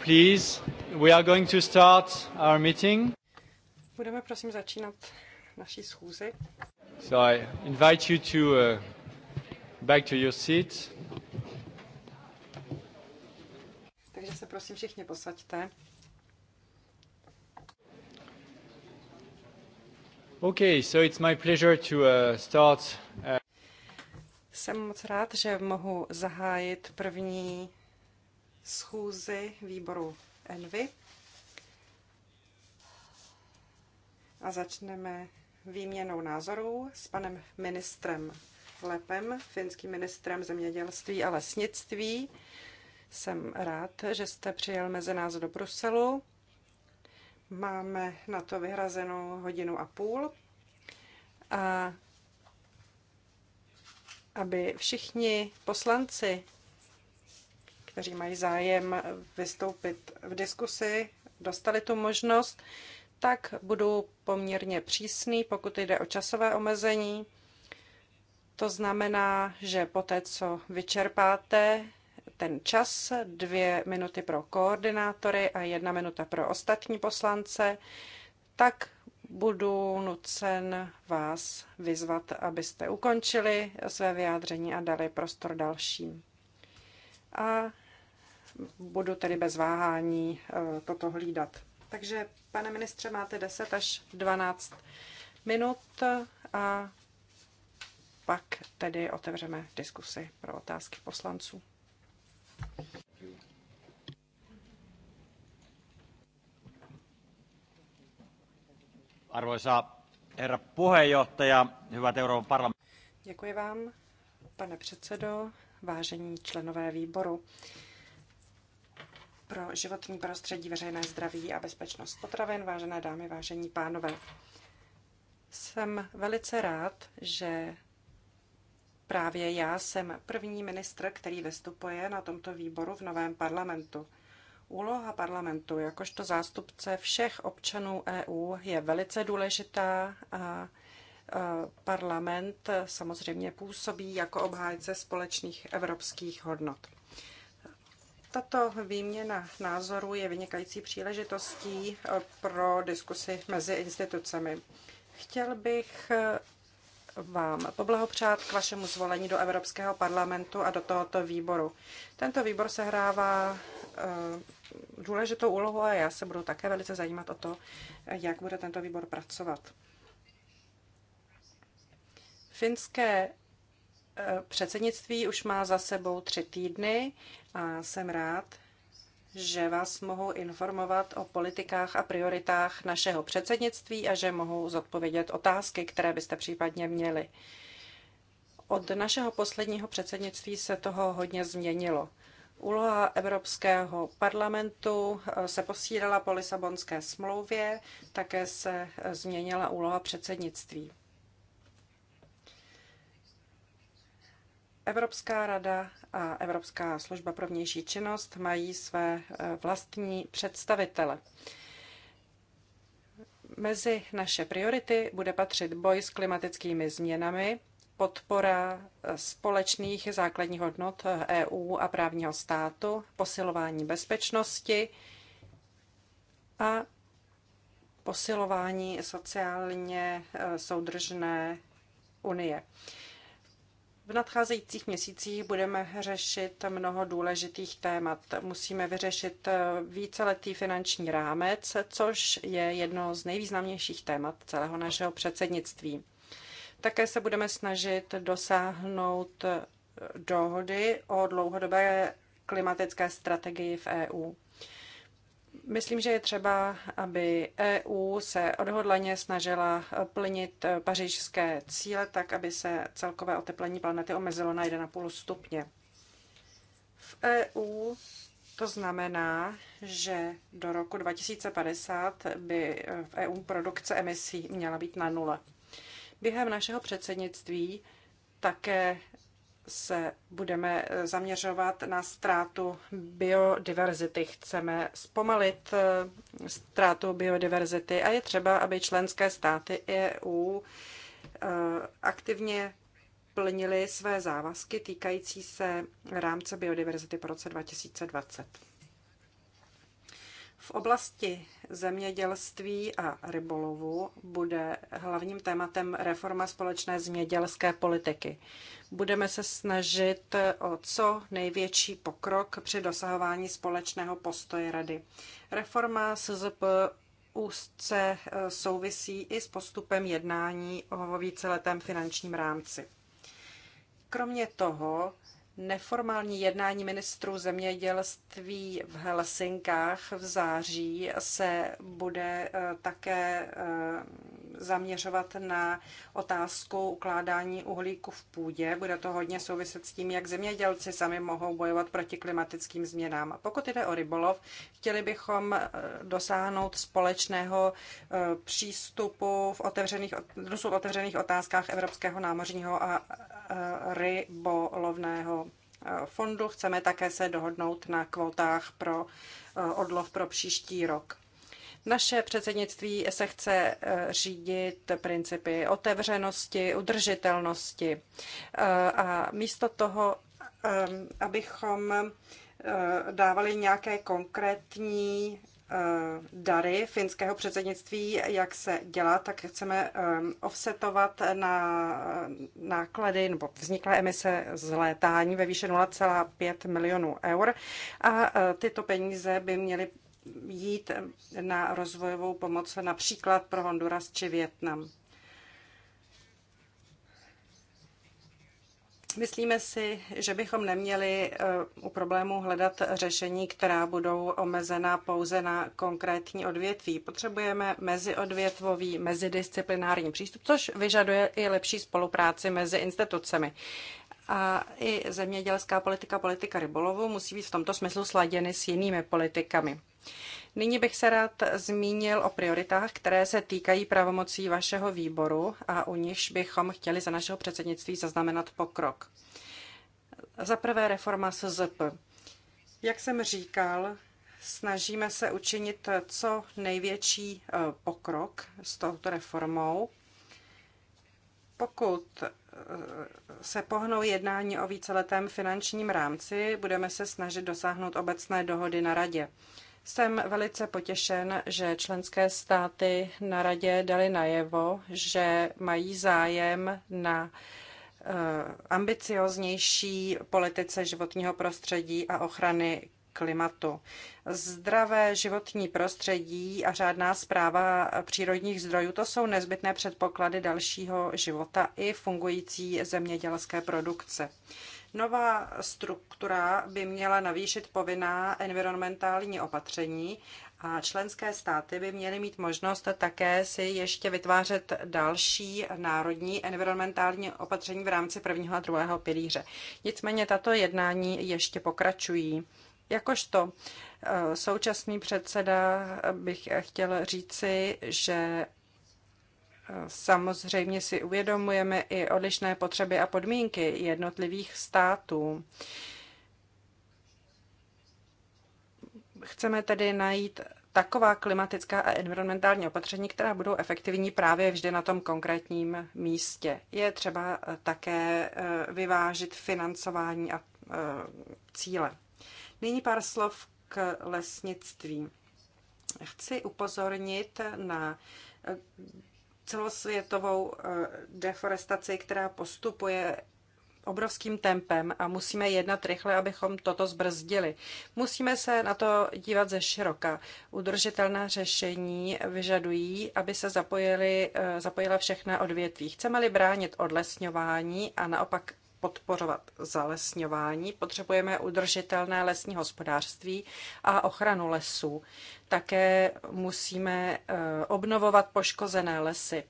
please. We are going to start our meeting. Budeme prosím začínat naší schůzi. So I invite you to uh, back to your seat. Takže se prosím všichni posaďte. Okay, so it's my pleasure to uh, start. Uh... Jsem moc rád, že mohu zahájit první schůzi výboru Envy. A začneme výměnou názorů s panem ministrem Lepem, finským ministrem zemědělství a lesnictví. Jsem rád, že jste přijel mezi nás do Bruselu. Máme na to vyhrazenou hodinu a půl. A aby všichni poslanci kteří mají zájem vystoupit v diskusi, dostali tu možnost, tak budu poměrně přísný, pokud jde o časové omezení. To znamená, že poté, co vyčerpáte ten čas, dvě minuty pro koordinátory a jedna minuta pro ostatní poslance, tak budu nucen vás vyzvat, abyste ukončili své vyjádření a dali prostor dalším. A budu tedy bez váhání eh, toto hlídat. Takže, pane ministře, máte 10 až 12 minut a pak tedy otevřeme diskusy pro otázky poslanců. Arvoisa herra puheenjohtaja, hyvät Euroopan parlamentti. Děkuji vám, pane předsedo, vážení členové výboru pro životní prostředí, veřejné zdraví a bezpečnost potravin. Vážené dámy, vážení pánové, jsem velice rád, že právě já jsem první ministr, který vystupuje na tomto výboru v novém parlamentu. Úloha parlamentu jakožto zástupce všech občanů EU je velice důležitá a parlament samozřejmě působí jako obhájce společných evropských hodnot. Tato výměna názorů je vynikající příležitostí pro diskusy mezi institucemi. Chtěl bych vám poblahopřát k vašemu zvolení do Evropského parlamentu a do tohoto výboru. Tento výbor sehrává eh, důležitou úlohu a já se budu také velice zajímat o to, jak bude tento výbor pracovat. Finské eh, předsednictví už má za sebou tři týdny. A jsem rád, že vás mohu informovat o politikách a prioritách našeho předsednictví a že mohu zodpovědět otázky, které byste případně měli. Od našeho posledního předsednictví se toho hodně změnilo. Úloha Evropského parlamentu eh, se posílila po Lisabonské smlouvě, také se eh, změnila úloha předsednictví. Evropská rada a Evropská služba pro vnější činnost mají své eh, vlastní představitele. Mezi naše priority bude patřit boj s klimatickými změnami, podpora eh, společných základních hodnot EU eh, e a právního státu, posilování bezpečnosti a posilování sociálně soudržné unie. V nadcházejících měsících budeme řešit mnoho důležitých témat. Musíme vyřešit eh, víceletý finanční rámec, což je jedno z nejvýznamnějších témat celého našeho předsednictví. Také se budeme snažit dosáhnout eh, dohody o dlouhodobé klimatické strategii v EU. Myslím, že je třeba, aby EU se odhodlaně snažila plnit pařížské cíle tak, aby se celkové oteplení planety omezilo na 1,5 stupně. V EU to znamená, že do roku 2050 by v EU produkce emisí měla být na nule. Během našeho předsednictví také se budeme eh, zaměřovat na ztrátu biodiverzity. Chceme zpomalit eh, ztrátu biodiverzity a je třeba, aby členské státy EU eh, aktivně plnily své závazky týkající se rámce biodiverzity po roce 2020. V oblasti zemědělství a rybolovu bude hlavním tématem reforma společné zemědělské politiky. Budeme se snažit o co největší pokrok při dosahování společného postoje Rady. Reforma SZP úzce eh, souvisí i s postupem jednání o víceletém finančním rámci. Kromě toho Neformální jednání ministrů zemědělství v Helsinkách v září se bude eh, také eh, zaměřovat na otázku ukládání uhlíku v půdě. Bude to hodně souviset s tím, jak zemědělci sami mohou bojovat proti klimatickým změnám. Pokud jde o rybolov, chtěli bychom eh, dosáhnout společného přístupu v otevřených, dosud otevřených otázkách Evropského námořního a rybolovného eh, fondu. Chceme také se dohodnout na kvotách pro eh, odlov pro příští rok. Naše předsednictví se chce eh, řídit principy otevřenosti, udržitelnosti a místo toho, abychom dávali nějaké konkrétní Eh, dary finského předsednictví, jak se dělá, tak chceme eh, offsetovat na eh, náklady nebo vzniklé emise z létání ve výši 0,5 milionů eur a tyto peníze by měly jít na rozvojovou pomoc například pro Honduras či Větnam. Myslíme si, že bychom neměli eh, u problému hledat řešení, která budou omezená pouze na konkrétní odvětví. Potřebujeme meziodvětvový, mezidisciplinární přístup, což vyžaduje i lepší spolupráci mezi institucemi. A i zemědělská politika, politika rybolovu musí být v tomto smyslu sladěny s jinými politikami. Nyní bych se rád zmínil o prioritách, které se týkají pravomocí vašeho výboru a u nichž bychom chtěli za našeho předsednictví zaznamenat pokrok. Za prvé reforma SZP. Jak jsem říkal, snažíme se učinit co největší eh, pokrok s touto reformou. Pokud eh, se pohnou jednání o víceletém finančním rámci, budeme se snažit dosáhnout obecné dohody na radě. Jsem velice potěšen, že členské státy na radě dali najevo, že mají zájem na eh, ambicioznější politice životního prostředí a ochrany klimatu. Zdravé životní prostředí a řádná zpráva přírodních zdrojů to jsou nezbytné předpoklady dalšího života i fungující zemědělské produkce. Nová struktura by měla navýšit povinná environmentální opatření a členské státy by měly mít možnost také si ještě vytvářet další národní environmentální opatření v rámci prvního a druhého pilíře. Nicméně tato jednání ještě pokračují. Jakožto eh, současný předseda bych chtěl říci, že Samozřejmě si uvědomujeme i odlišné potřeby a podmínky jednotlivých států. Chceme tedy najít taková klimatická a environmentální opatření, která budou efektivní právě vždy na tom konkrétním místě. Je třeba také e, vyvážit financování a e, cíle. Nyní pár slov k lesnictví. Chci upozornit na celosvětovou eh, deforestaci, která postupuje obrovským tempem a musíme jednat rychle, abychom toto zbrzdili. Musíme se na to dívat ze široka. Udržitelná řešení vyžadují, aby se zapojili, eh, zapojila všechna odvětví. Chceme-li bránit odlesňování a naopak podporovat zalesňování, potřebujeme udržitelné lesní hospodářství a ochranu lesů. Také musíme eh, obnovovat poškozené lesy.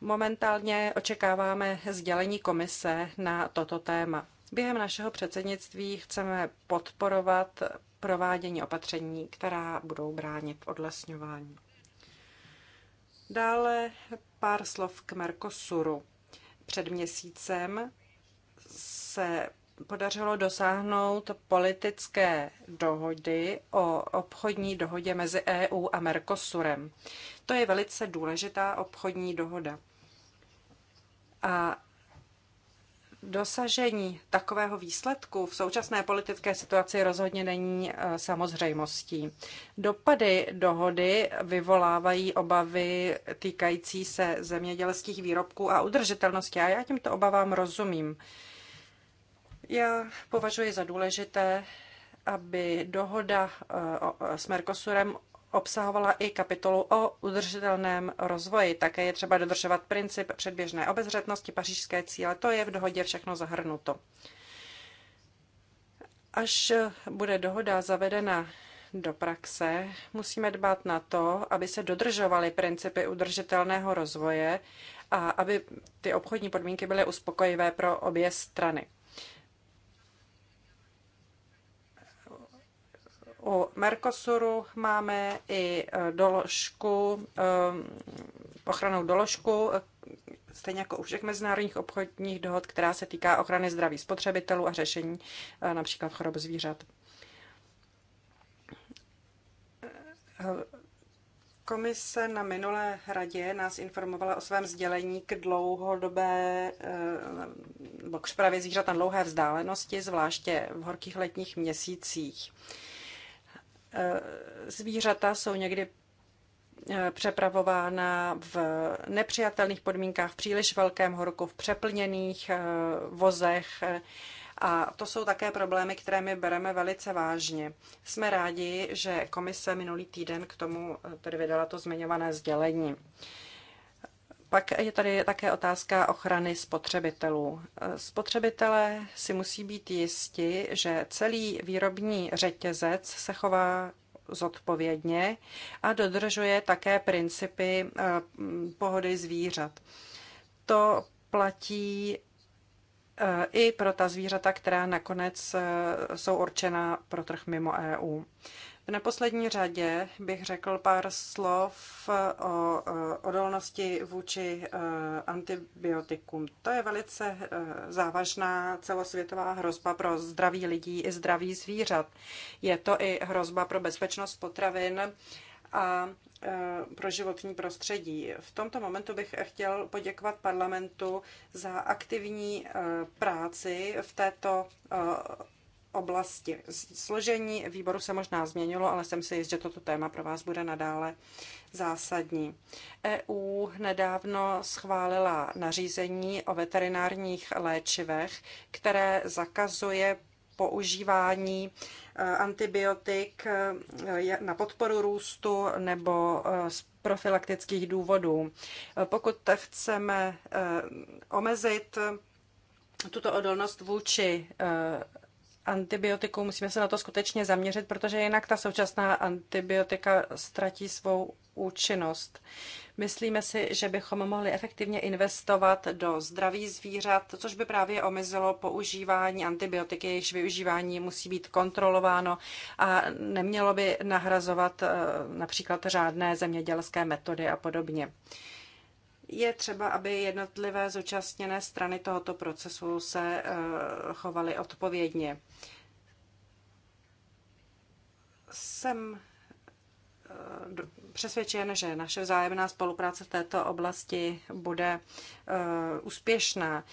Momentálně očekáváme sdělení komise na toto téma. Během našeho předsednictví chceme podporovat provádění opatření, která budou bránit odlesňování. Dále pár slov k Mercosuru. Před měsícem se podařilo dosáhnout politické dohody o obchodní dohodě mezi EU a Mercosurem. To je velice důležitá obchodní dohoda. A dosažení takového výsledku v současné politické situaci rozhodně není e, samozřejmostí. Dopady dohody vyvolávají obavy týkající se zemědělských výrobků a udržitelnosti a já těmto obavám rozumím. Já považuji za důležité, aby dohoda eh, eh, s Mercosurem obsahovala i kapitolu o udržitelném rozvoji. Také je třeba dodržovat princip předběžné obezřetnosti, pařížské cíle. To je v dohodě všechno zahrnuto. Až bude dohoda zavedena do praxe, musíme dbát na to, aby se dodržovaly principy udržitelného rozvoje a aby ty obchodní podmínky byly uspokojivé pro obě strany. U Mercosuru máme i e, doložku, e, ochranou doložku, e, stejně jako u všech mezinárodních obchodních dohod, která se týká ochrany zdraví spotřebitelů a řešení například chorob zvířat. Komise na minulé radě nás informovala o svém sdělení k dlouhodobé, nebo k zprávě zvířat na dlouhé vzdálenosti, zvláště v horkých letních měsících. Eh, zvířata jsou někdy eh, přepravována v nepřijatelných podmínkách, v příliš velkém horku, v přeplněných eh, vozech. A to jsou také problémy, které my bereme velice vážně. Jsme rádi, že komise minulý týden k tomu tedy vydala to zmiňované sdělení. Pak je tady také otázka ochrany spotřebitelů. Spotřebitelé si musí být jisti, že celý výrobní řetězec se chová zodpovědně a dodržuje také principy eh, pohody zvířat. To platí eh, i pro ta zvířata, která nakonec eh, jsou určena pro trh mimo EU. V neposlední řadě bych řekl pár slov eh, o eh, odolnosti vůči eh, antibiotikům. To je velice závažná celosvětová hrozba pro zdraví lidí i zdraví zvířat. Je to i hrozba pro bezpečnost potravin a pro životní prostředí. V tomto momentu bych chtěl poděkovat parlamentu za aktivní práci v této oblasti. Složení výboru se možná změnilo, ale jsem si jist, že toto téma pro vás bude nadále zásadní. EU nedávno schválila nařízení o veterinárních léčivech, které zakazuje používání e, antibiotik e, na podporu růstu nebo e, z profilaktických důvodů. Pokud chceme omezit tuto odolnost vůči antibiotiků, musíme se na to skutečně zaměřit, protože jinak ta současná antibiotika ztratí svou účinnost. Myslíme si, že bychom mohli efektivně investovat do zdraví zvířat, což by právě omezilo používání antibiotiky. jejichž využívání musí být kontrolováno a nemělo by nahrazovat eh, například řádné zemědělské metody a podobně. Je třeba, aby jednotlivé zúčastněné strany tohoto procesu se eh, chovaly odpovědně. Jsem eh, přesvědčen, že naše vzájemná spolupráce v této oblasti bude eh, úspěšná.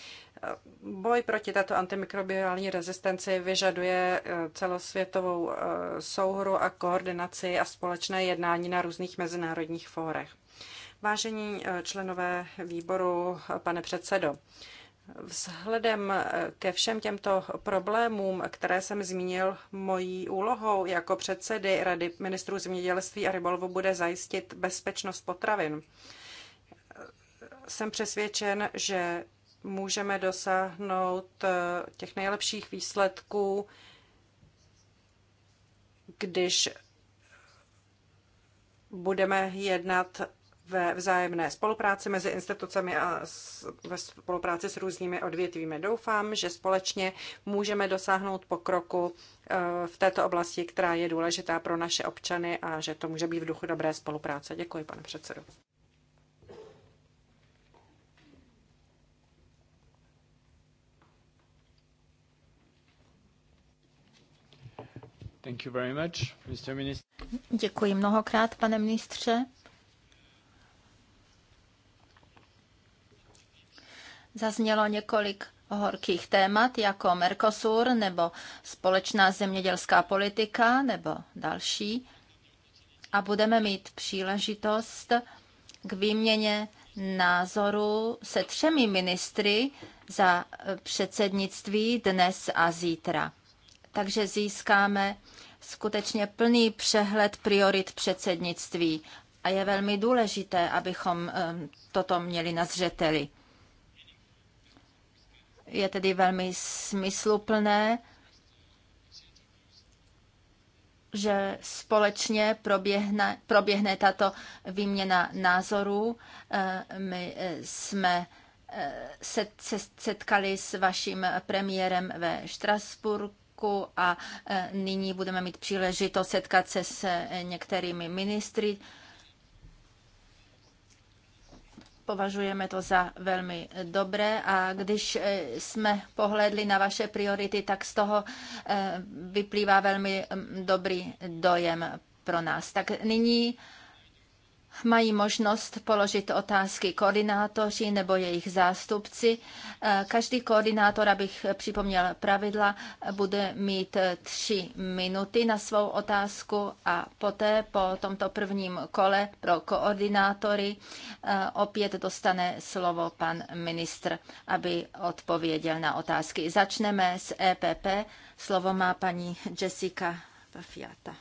Boj proti této antimikrobiální rezistenci vyžaduje celosvětovou souhru a koordinaci a společné jednání na různých mezinárodních fórech. Vážení eh, členové výboru, pane předsedo, Vzhledem eh, ke všem těmto problémům, které jsem zmínil, mojí úlohou jako předsedy Rady ministrů zemědělství a rybolovu bude zajistit bezpečnost potravin. Jsem přesvědčen, že můžeme dosáhnout eh, těch nejlepších výsledků, když budeme jednat ve vzájemné spolupráci mezi institucemi a ve spolupráci s různými odvětvími. Doufám, že společně můžeme dosáhnout pokroku eh, v této oblasti, která je důležitá pro naše občany a že to může být v duchu dobré spolupráce. Děkuji, pane předsedo. Thank you very much, Mr. Minister. Děkuji mnohokrát, pane ministře. Zaznělo několik horkých témat jako Mercosur nebo společná zemědělská politika nebo další. A budeme mít příležitost k výměně názoru se třemi ministry za eh, předsednictví dnes a zítra. Takže získáme skutečně plný přehled priorit předsednictví a je velmi důležité, abychom eh, toto měli na zřeteli je tedy velmi smysluplné, že společně proběhne, proběhne tato výměna názorů. Eh, my eh, jsme eh, se setkali s vaším premiérem ve Štrasburku a nyní budeme mít příležitost setkat se s některými ministry Považujeme to za velmi dobré a když eh, jsme pohledli na vaše priority, tak z toho eh, vyplývá velmi mm, dobrý dojem pro nás. Tak nyní mají možnost položit otázky koordinátoři nebo jejich zástupci. Eh, každý koordinátor, abych připomněl pravidla, bude mít eh, tři minuty na svou otázku a poté po tomto prvním kole pro koordinátory eh, opět dostane slovo pan ministr, aby odpověděl na otázky. Začneme s EPP. Slovo má paní Jessica Pafiata.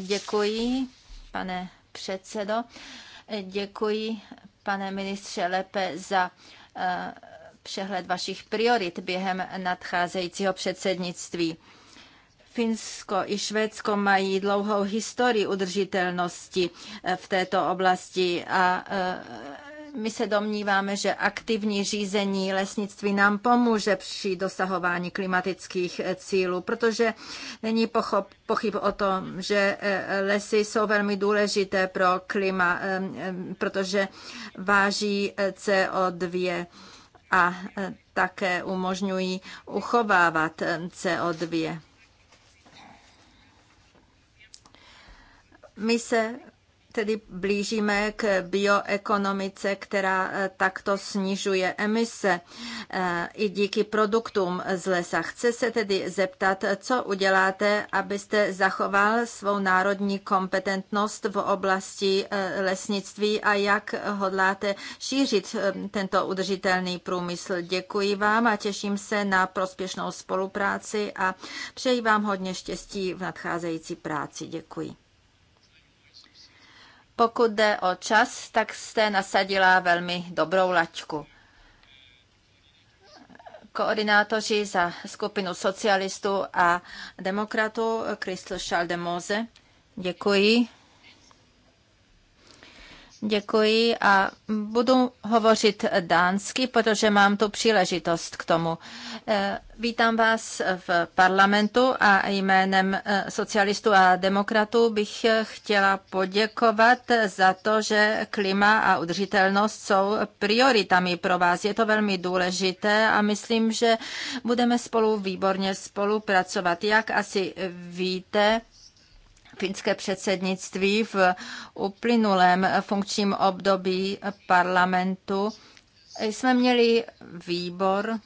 Děkuji, pane předsedo. Děkuji, pane ministře Lepe, za eh, přehled vašich priorit během nadcházejícího předsednictví. Finsko i Švédsko mají dlouhou historii udržitelnosti eh, v této oblasti a eh, my se domníváme, že aktivní řízení lesnictví nám pomůže při dosahování klimatických cílů, protože není pochop, pochyb o tom, že e, lesy jsou velmi důležité pro klima, e, e, protože váží CO2 a také umožňují uchovávat CO2. My se tedy blížíme k bioekonomice, která eh, takto snižuje emise eh, i díky produktům z lesa. chce se tedy zeptat, co uděláte, abyste zachoval svou národní kompetentnost v oblasti eh, lesnictví a jak hodláte šířit tento udržitelný průmysl. Děkuji vám a těším se na prospěšnou spolupráci a přeji vám hodně štěstí v nadcházející práci. Děkuji. Pokud jde o čas, tak jste nasadila velmi dobrou laťku. Koordinátoři za skupinu socialistů a demokratů Kristl Schaldemose. Děkuji. Děkuji a budu hovořit dánsky, protože mám tu příležitost k tomu. Eh, vítám vás v parlamentu a jménem eh, socialistů a demokratů bych chtěla poděkovat za to, že klima a udržitelnost jsou prioritami pro vás. Je to velmi důležité a myslím, že budeme spolu výborně spolupracovat. Jak asi víte, finské předsednictví v uplynulém funkčním období parlamentu jsme měli výbor,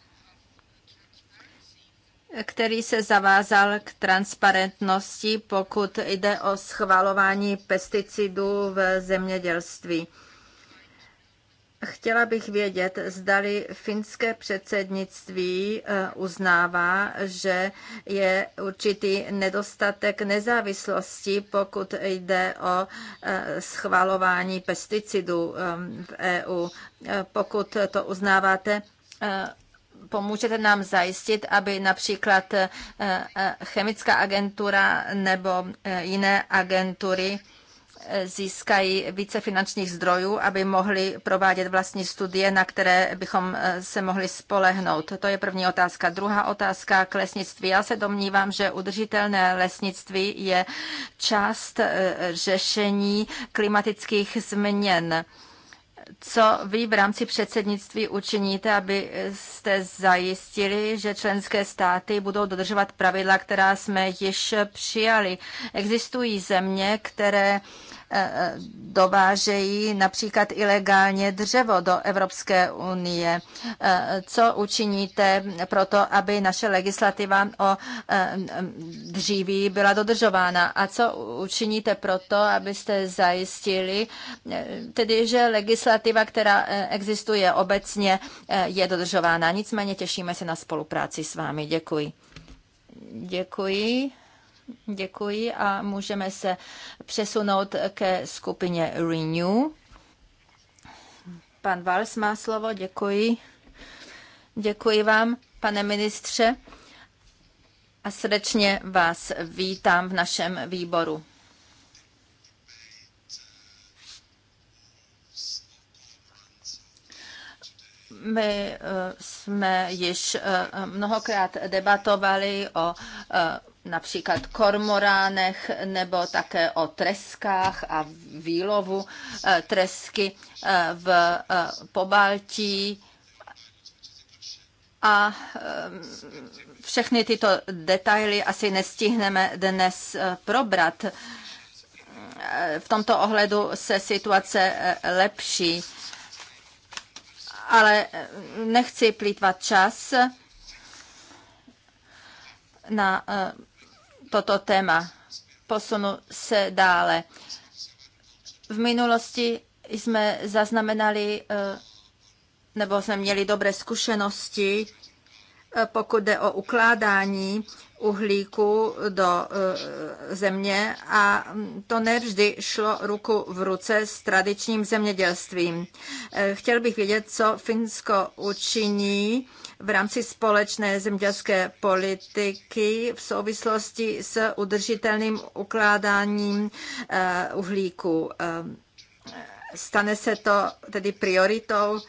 který se zavázal k transparentnosti, pokud jde o schvalování pesticidů v zemědělství. Chtěla bych vědět, zdali finské předsednictví eh, uznává, že je určitý nedostatek nezávislosti, pokud jde o eh, schvalování pesticidů eh, v EU. Pokud to uznáváte, pomůžete nám zajistit, aby například chemická agentura nebo jiné agentury získají více finančních zdrojů, aby mohli provádět vlastní studie, na které bychom eh, se mohli spolehnout. To je první otázka. Druhá otázka k lesnictví. Já se domnívám, že udržitelné lesnictví je část eh, řešení klimatických změn co vy v rámci předsednictví učiníte, abyste zajistili, že členské státy budou dodržovat pravidla, která jsme již přijali. Existují země, které E, dovážejí například ilegálně dřevo do Evropské unie. E, co učiníte pro to, aby naše legislativa o e, dříví byla dodržována? A co učiníte pro to, abyste zajistili, tedy že legislativa, která existuje obecně, je dodržována? Nicméně těšíme se na spolupráci s vámi. Děkuji. Děkuji. Děkuji a můžeme se přesunout ke skupině Renew. Pan Vals má slovo, děkuji. Děkuji vám, pane ministře, a srdečně vás vítám v našem výboru. My eh, jsme již eh, mnohokrát debatovali o eh, například kormoránech nebo také o treskách a výlovu eh, tresky eh, v eh, Pobaltí. A všechny tyto detaily asi nestihneme dnes probrat. V tomto ohledu se situace lepší, ale nechci plýtvat čas na toto téma. Posunu se dále. V minulosti jsme zaznamenali eh, nebo jsme měli dobré zkušenosti, eh, pokud jde o ukládání uhlíku do e, země a to nevždy šlo ruku v ruce s tradičním zemědělstvím. E, chtěl bych vědět, co Finsko učiní v rámci společné zemědělské politiky v souvislosti s udržitelným ukládáním e, uhlíku. Stane se to tedy prioritou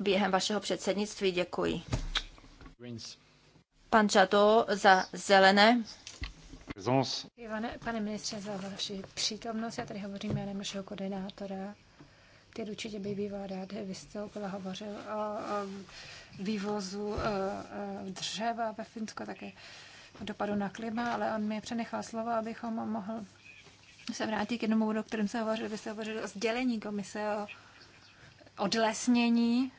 během vašeho předsednictví? Děkuji. Greens. Pan čato za zelené. Ivane, pane ministře, za vaši přítomnost. Já tady hovořím jménem našeho koordinátora, který určitě by bývá rád vystoupil a hovořil o, o vývozu o, o dřeva ve Finsku, také dopadu na klima, ale on mi přenechal slovo, abychom mohl se vrátit k jednomu, o kterém se hovořil. Vy jste hovořil o sdělení komise, o odlesnění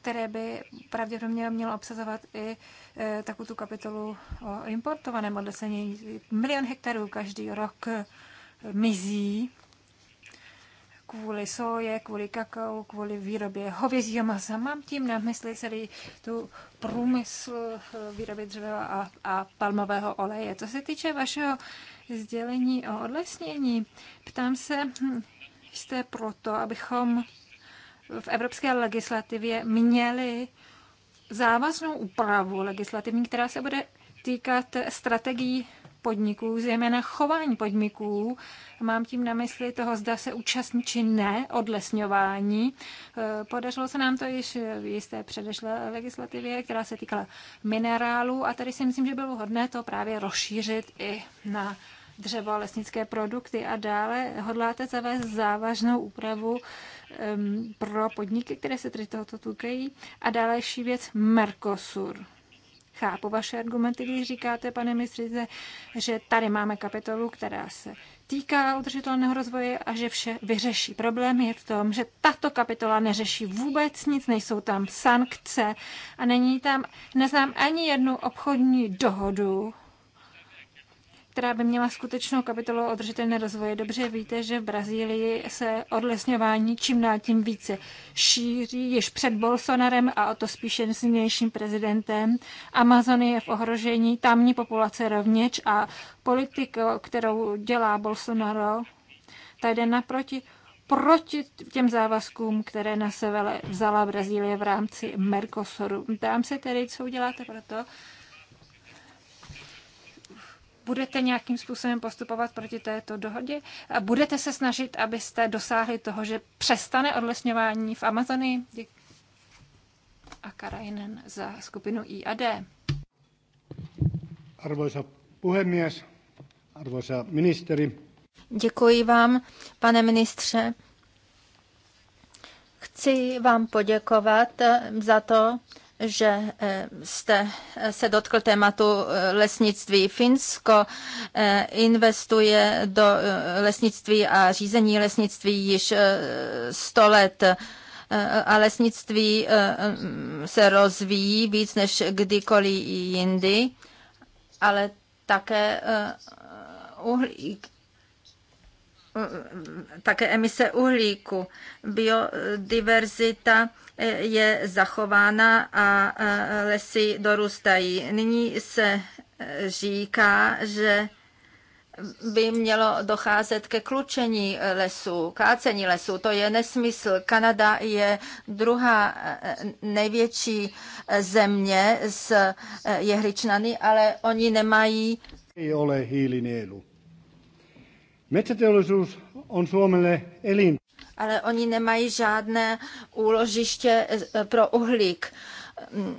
které by pravděpodobně mělo obsazovat i e, takovou tu kapitolu o importovaném odlesnění. Milion hektarů každý rok mizí kvůli soje, kvůli kakao, kvůli výrobě hovězího masa. Mám tím na mysli celý tu průmysl e, výroby dřeva a, a palmového oleje. Co se týče vašeho sdělení o odlesnění, ptám se, hm, jste proto, abychom v evropské legislativě měli závaznou úpravu legislativní, která se bude týkat strategií podniků, zejména chování podniků. Mám tím na mysli toho, zda se účastní či ne odlesňování. Eh, podařilo se nám to již v jisté předešlé legislativě, která se týkala minerálů a tady si myslím, že bylo hodné to právě rozšířit i na dřevo a lesnické produkty a dále hodláte zavést závažnou úpravu Ehm, pro podniky, které se tady tohoto týkají. A další věc Mercosur. Chápu vaše argumenty, když říkáte, pane mistřice, že tady máme kapitolu, která se týká udržitelného rozvoje a že vše vyřeší. Problém je v tom, že tato kapitola neřeší vůbec nic, nejsou tam sankce a není tam, neznám ani jednu obchodní dohodu, která by měla skutečnou kapitolu o rozvoje. Dobře víte, že v Brazílii se odlesňování čím dál tím více šíří, již před Bolsonarem a o to spíše nynějším prezidentem. Amazony je v ohrožení, tamní populace rovněž a politika, kterou dělá Bolsonaro, ta jde naproti proti těm závazkům, které na sevele vzala Brazílie v rámci Mercosuru. Dám se tedy, co uděláte pro to, budete nějakým způsobem postupovat proti této dohodě? A budete se snažit, abyste dosáhli toho, že přestane odlesňování v Amazonii? A Karajinen za skupinu IAD. Arvoisa puhemies, arvoisa ministeri. Děkuji vám, pane ministře. Chci vám poděkovat za to, že eh, jste eh, se dotkl tématu eh, lesnictví. Finsko investuje do lesnictví a řízení lesnictví již 100 let a lesnictví se rozvíjí víc než kdykoliv jindy, ale také uhlík také emise uhlíku, biodiverzita je zachována a lesy dorůstají. Nyní se e, říká, že by mělo docházet ke klučení lesů, kácení lesů. To je nesmysl. Kanada je druhá e, největší e, země s jehličnany, ale oni nemají... ole hiilinielu. on Suomelle elin ale oni nemají žádné úložiště eh, pro uhlík mm,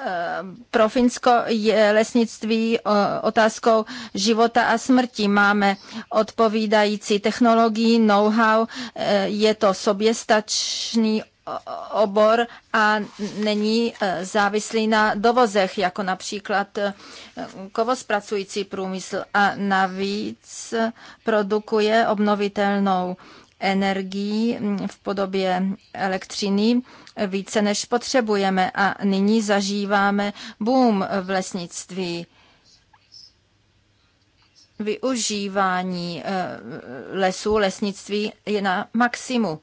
eh, pro Finsko je lesnictví otázkou života a smrti. Máme odpovídající technologii, know-how, eh, je to soběstačný obor a není závislý na dovozech, jako například kovospracující průmysl a navíc produkuje obnovitelnou energií v podobě elektřiny více než potřebujeme a nyní zažíváme boom v lesnictví. Využívání eh, lesů, lesnictví je na maximu.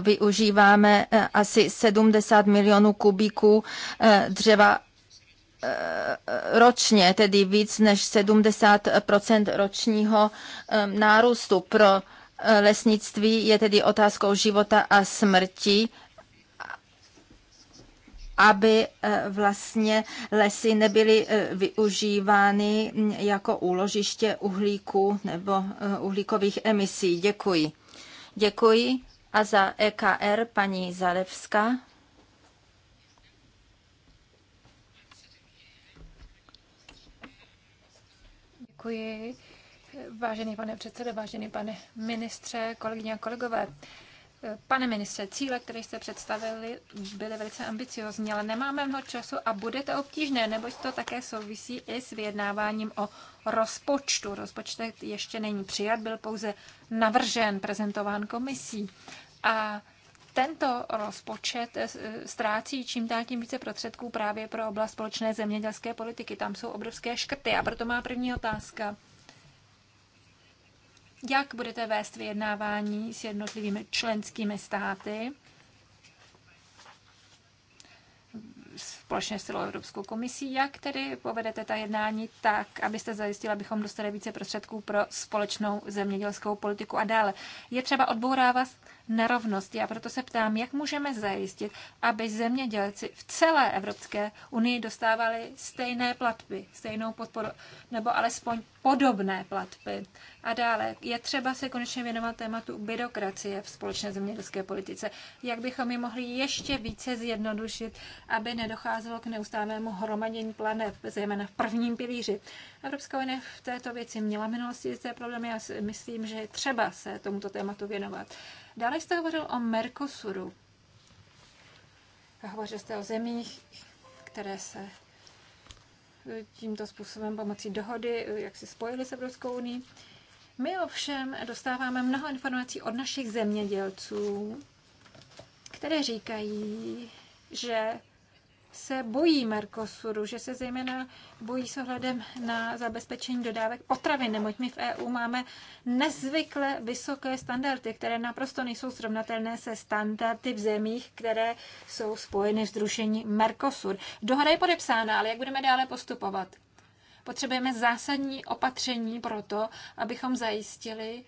využíváme eh, asi 70 milionů kubíků eh, dřeva Eh, ročně, tedy víc než 70 ročního eh, nárůstu. Pro eh, lesnictví je tedy otázkou života a smrti, aby vlastně lesy nebyly využívány hm, jako úložiště uhlíku nebo uhlíkových emisí. Děkuji. Děkuji. A za EKR paní Zalevská. Děkuji. Vážený pane předsedo, vážený pane ministře, kolegyně a kolegové. Pane ministře, cíle, které jste představili, byly velice ambiciozní, ale nemáme mnoho času a bude to obtížné, neboť to také souvisí i s vyjednáváním o rozpočtu. Rozpočet ještě není přijat, byl pouze navržen, prezentován komisí. A tento rozpočet eh, ztrácí čím dál tím více prostředků právě pro oblast společné zemědělské politiky. Tam jsou obrovské škrty a proto má první otázka. Jak budete vést vyjednávání s jednotlivými členskými státy? společně s celou Evropskou komisí, jak tedy povedete ta jednání tak, abyste zajistili, abychom dostali více prostředků pro společnou zemědělskou politiku a dále. Je třeba odbourávat nerovnosti. A proto se ptám, jak můžeme zajistit, aby zemědělci v celé Evropské unii dostávali stejné platby, stejnou podporu, nebo alespoň podobné platby. A dále je třeba se konečně věnovat tématu byrokracie v společné zemědělské politice. Jak bychom ji mohli ještě více zjednodušit, aby nedocházelo k neustálému hromadění planet, zejména v prvním pilíři. Evropská unie v této věci měla minulosti jisté problémy a myslím, že je třeba se tomuto tématu věnovat. Dále jste hovořil o Mercosuru. A hovořil jste o zemích, které se tímto způsobem pomocí dohody, jak si spojili s Evropskou unii. My ovšem dostáváme mnoho informací od našich zemědělců, které říkají, že se bojí Mercosuru, že se zejména bojí s ohledem na zabezpečení dodávek potravin, neboť my v EU máme nezvykle vysoké standardy, které naprosto nejsou srovnatelné se standardy v zemích, které jsou spojeny s zrušením Mercosur. Dohoda je podepsána, ale jak budeme dále postupovat? Potřebujeme zásadní opatření pro to, abychom zajistili,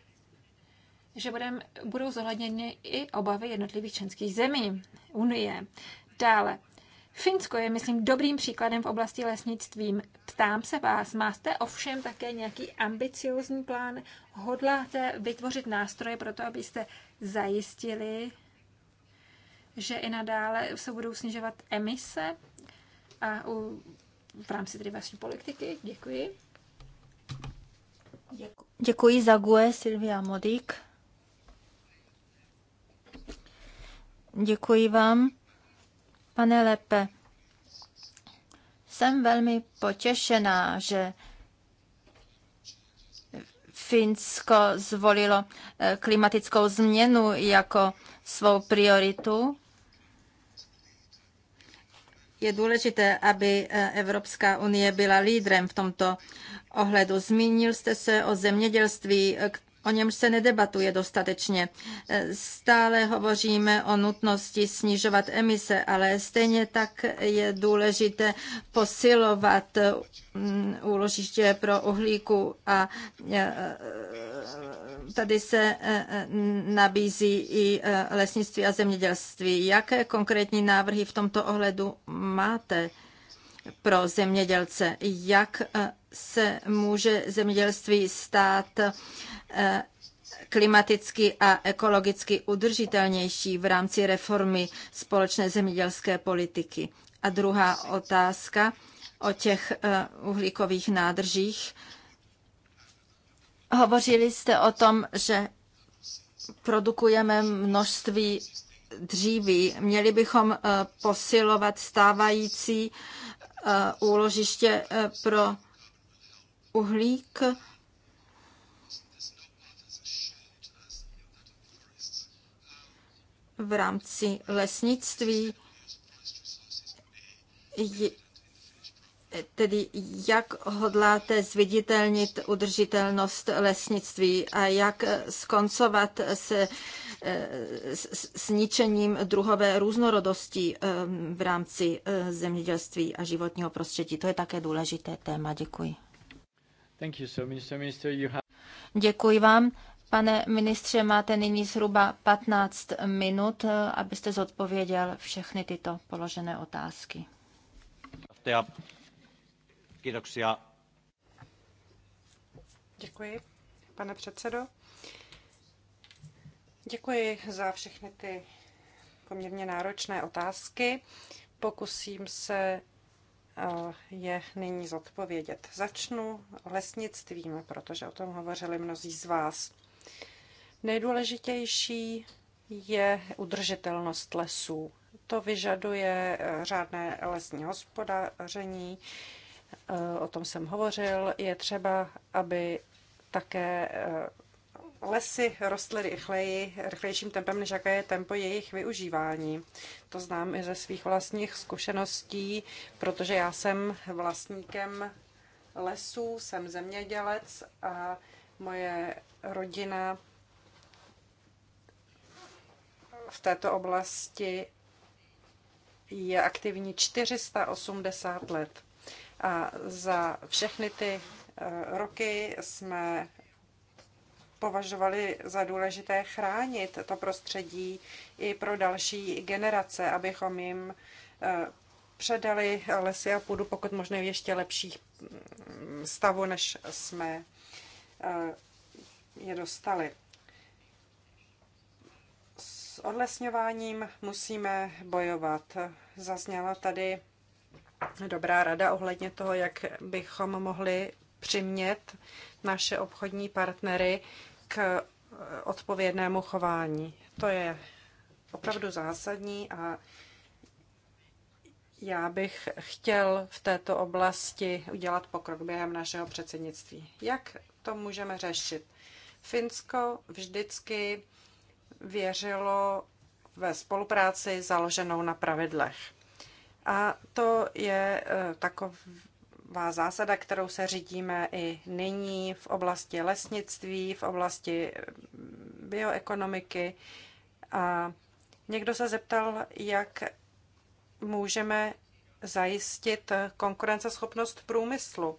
že budem, budou zohledněny i obavy jednotlivých členských zemí Unie. Dále, Finsko je, myslím, dobrým příkladem v oblasti lesnictví. Ptám se vás, máte ovšem také nějaký ambiciozní plán? Hodláte vytvořit nástroje pro to, abyste zajistili, že i nadále se budou snižovat emise a u, v rámci tedy vaší politiky? Děkuji. Děkuji, Děkuji za GUE, Silvia Modík. Děkuji vám. Pane Lepe, jsem velmi potěšená, že Finsko zvolilo eh, klimatickou změnu jako svou prioritu. Je důležité, aby eh, Evropská unie byla lídrem v tomto ohledu. Zmínil jste se o zemědělství, eh, o němž se nedebatuje dostatečně. Stále hovoříme o nutnosti snižovat emise, ale stejně tak je důležité posilovat mm, úložiště pro uhlíku a e, tady se e, e, nabízí i lesnictví a zemědělství. Jaké konkrétní návrhy v tomto ohledu máte? pro zemědělce. Jak eh, se může zemědělství stát eh, klimaticky a ekologicky udržitelnější v rámci reformy společné zemědělské politiky? A druhá otázka o těch eh, uhlíkových nádržích. Hovořili jste o tom, že produkujeme množství dříví. Měli bychom posilovat stávající Eh, úložiště eh, pro uhlík. v rámci lesnictví, tedy jak hodláte zviditelnit udržitelnost lesnictví a jak skoncovat se Eh, s ničením druhové různorodosti eh, v rámci eh, zemědělství a životního prostředí. To je také důležité téma. Děkuji. Thank you, so Mr. Minister, you have... Děkuji vám. Pane ministře, máte nyní zhruba 15 minut, abyste zodpověděl všechny tyto položené otázky. Děkuji, pane předsedo. Děkuji za všechny ty poměrně náročné otázky. Pokusím se eh, je nyní zodpovědět. Začnu lesnictvím, protože o tom hovořili mnozí z vás. Nejdůležitější je udržitelnost lesů. To vyžaduje eh, řádné lesní hospodaření, eh, o tom jsem hovořil. Je třeba, aby také lesy rostly rychleji, rychlejším tempem, než jaké je tempo jejich využívání. To znám i ze svých vlastních zkušeností, protože já jsem vlastníkem lesů, jsem zemědělec a moje rodina v této oblasti je aktivní 480 let. A za všechny ty eh, roky jsme považovali za důležité chránit to prostředí i pro další generace, abychom jim eh, předali lesy a půdu pokud možná v ještě lepších mm, stavu, než jsme eh, je dostali. S odlesňováním musíme bojovat. Zazněla tady dobrá rada ohledně toho, jak bychom mohli přimět naše obchodní partnery k eh, odpovědnému chování. To je opravdu zásadní a já bych chtěl v této oblasti udělat pokrok během našeho předsednictví. Jak to můžeme řešit? Finsko vždycky věřilo ve spolupráci založenou na pravidlech. A to je eh, takový zásada, kterou se řídíme i nyní v oblasti lesnictví, v oblasti mm, bioekonomiky. A někdo se zeptal, jak můžeme zajistit konkurenceschopnost průmyslu.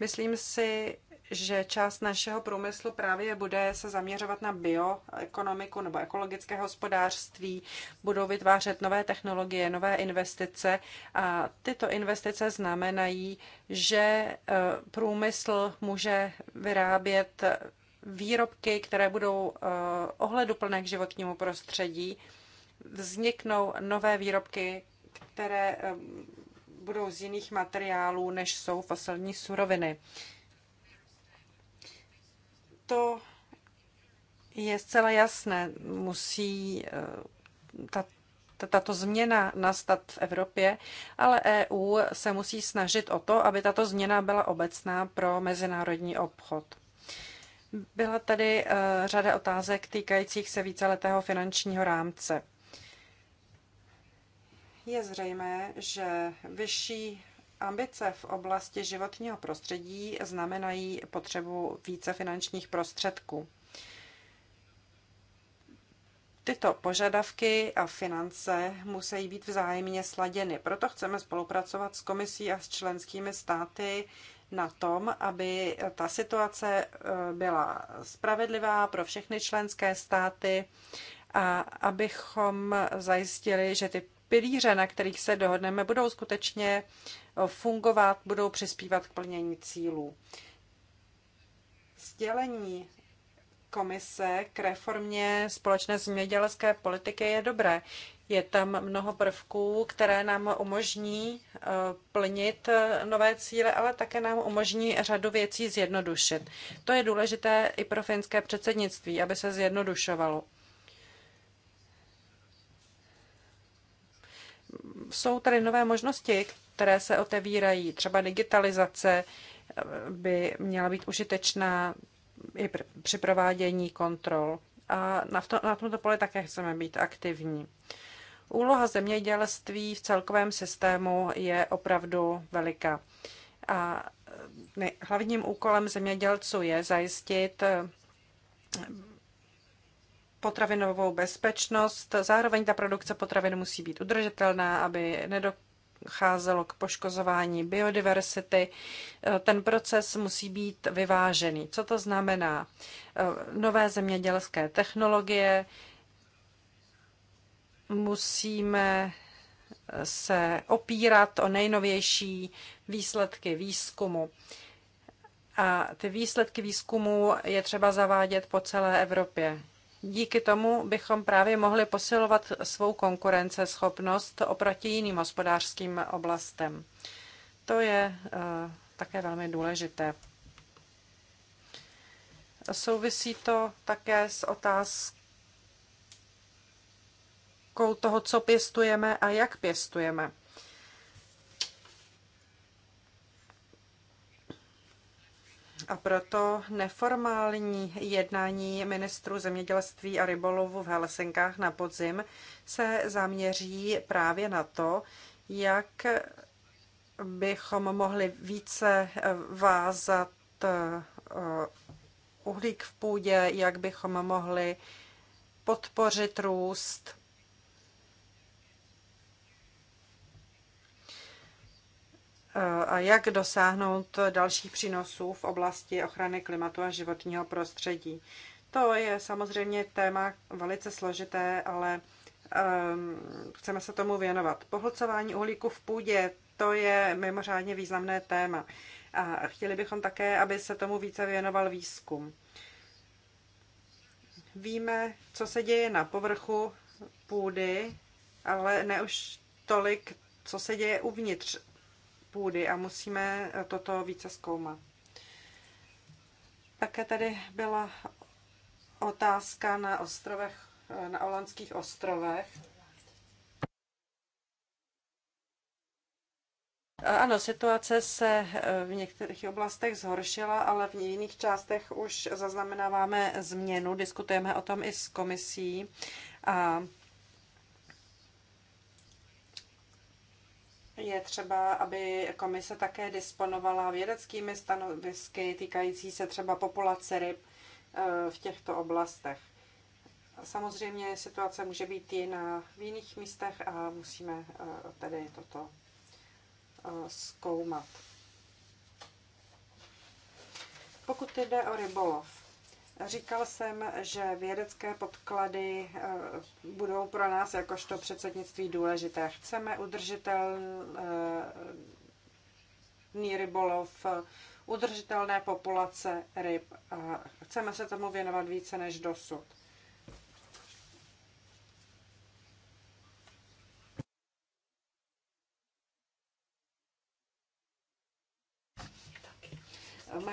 Myslím si, že část našeho průmyslu právě bude se zaměřovat na bioekonomiku nebo ekologické hospodářství, budou vytvářet nové technologie, nové investice a tyto investice znamenají, že e, průmysl může vyrábět výrobky, které budou e, ohleduplné k životnímu prostředí, vzniknou nové výrobky, které e, budou z jiných materiálů, než jsou fosilní suroviny to je zcela jasné. Musí eh, ta tato změna nastat v Evropě, ale EU se musí snažit o to, aby tato změna byla obecná pro mezinárodní obchod. Byla tady eh, řada otázek týkajících se víceletého finančního rámce. Je zřejmé, že vyšší Ambice v oblasti životního prostředí znamenají potřebu více finančních prostředků. Tyto požadavky a finance musí být vzájemně sladěny. Proto chceme spolupracovat s komisí a s členskými státy na tom, aby ta situace eh, byla spravedlivá pro všechny členské státy a abychom zajistili, že ty pilíře, na kterých se dohodneme, budou skutečně fungovat, budou přispívat k plnění cílů. Sdělení komise k reformě společné zemědělské politiky je dobré. Je tam mnoho prvků, které nám umožní eh, plnit eh, nové cíle, ale také nám umožní řadu věcí zjednodušit. To je důležité i pro finské předsednictví, aby se zjednodušovalo. jsou tady nové možnosti, které se otevírají. Třeba digitalizace eh, by měla být užitečná i při provádění kontrol. A na, to, na tomto poli také chceme být aktivní. Úloha zemědělství v celkovém systému je opravdu veliká. A eh, hlavním úkolem zemědělců je zajistit eh, potravinovou bezpečnost. Zároveň ta produkce potravin musí být udržitelná, aby nedocházelo k poškozování biodiverzity. Ten proces musí být vyvážený. Co to znamená? Nové zemědělské technologie musíme se opírat o nejnovější výsledky výzkumu. A ty výsledky výzkumu je třeba zavádět po celé Evropě. Díky tomu bychom právě mohli posilovat svou konkurenceschopnost oproti jiným hospodářským oblastem. To je eh, také velmi důležité. Souvisí to také s otázkou toho, co pěstujeme a jak pěstujeme. A proto neformální jednání ministrů zemědělství a rybolovu v Helsinkách na podzim se zaměří právě na to, jak bychom mohli více vázat eh, uhlík v půdě, jak bychom mohli podpořit růst Eh, a jak dosáhnout dalších přínosů v oblasti ochrany klimatu a životního prostředí. To je samozřejmě téma velice složité, ale um, chceme se tomu věnovat. Pohlcování uhlíku v půdě, to je mimořádně významné téma. A chtěli bychom také, aby se tomu více věnoval výzkum. Víme, co se děje na povrchu půdy, ale ne už tolik, co se děje uvnitř půdy a musíme toto více zkoumat. Také tady byla otázka na ostrovech, na Olandských ostrovech. Ano, situace se eh, v některých oblastech zhoršila, ale v jiných částech už zaznamenáváme změnu. Diskutujeme o tom i s komisí. A Je třeba, aby komise také disponovala vědeckými stanovisky týkající se třeba populace ryb eh, v těchto oblastech. Samozřejmě situace může být jiná v jiných místech a musíme eh, tedy toto eh, zkoumat. Pokud jde o rybolov, Říkal jsem, že vědecké podklady eh, budou pro nás jakožto předsednictví důležité. Chceme udržitelný rybolov, udržitelné populace ryb. Chceme se tomu věnovat více než dosud.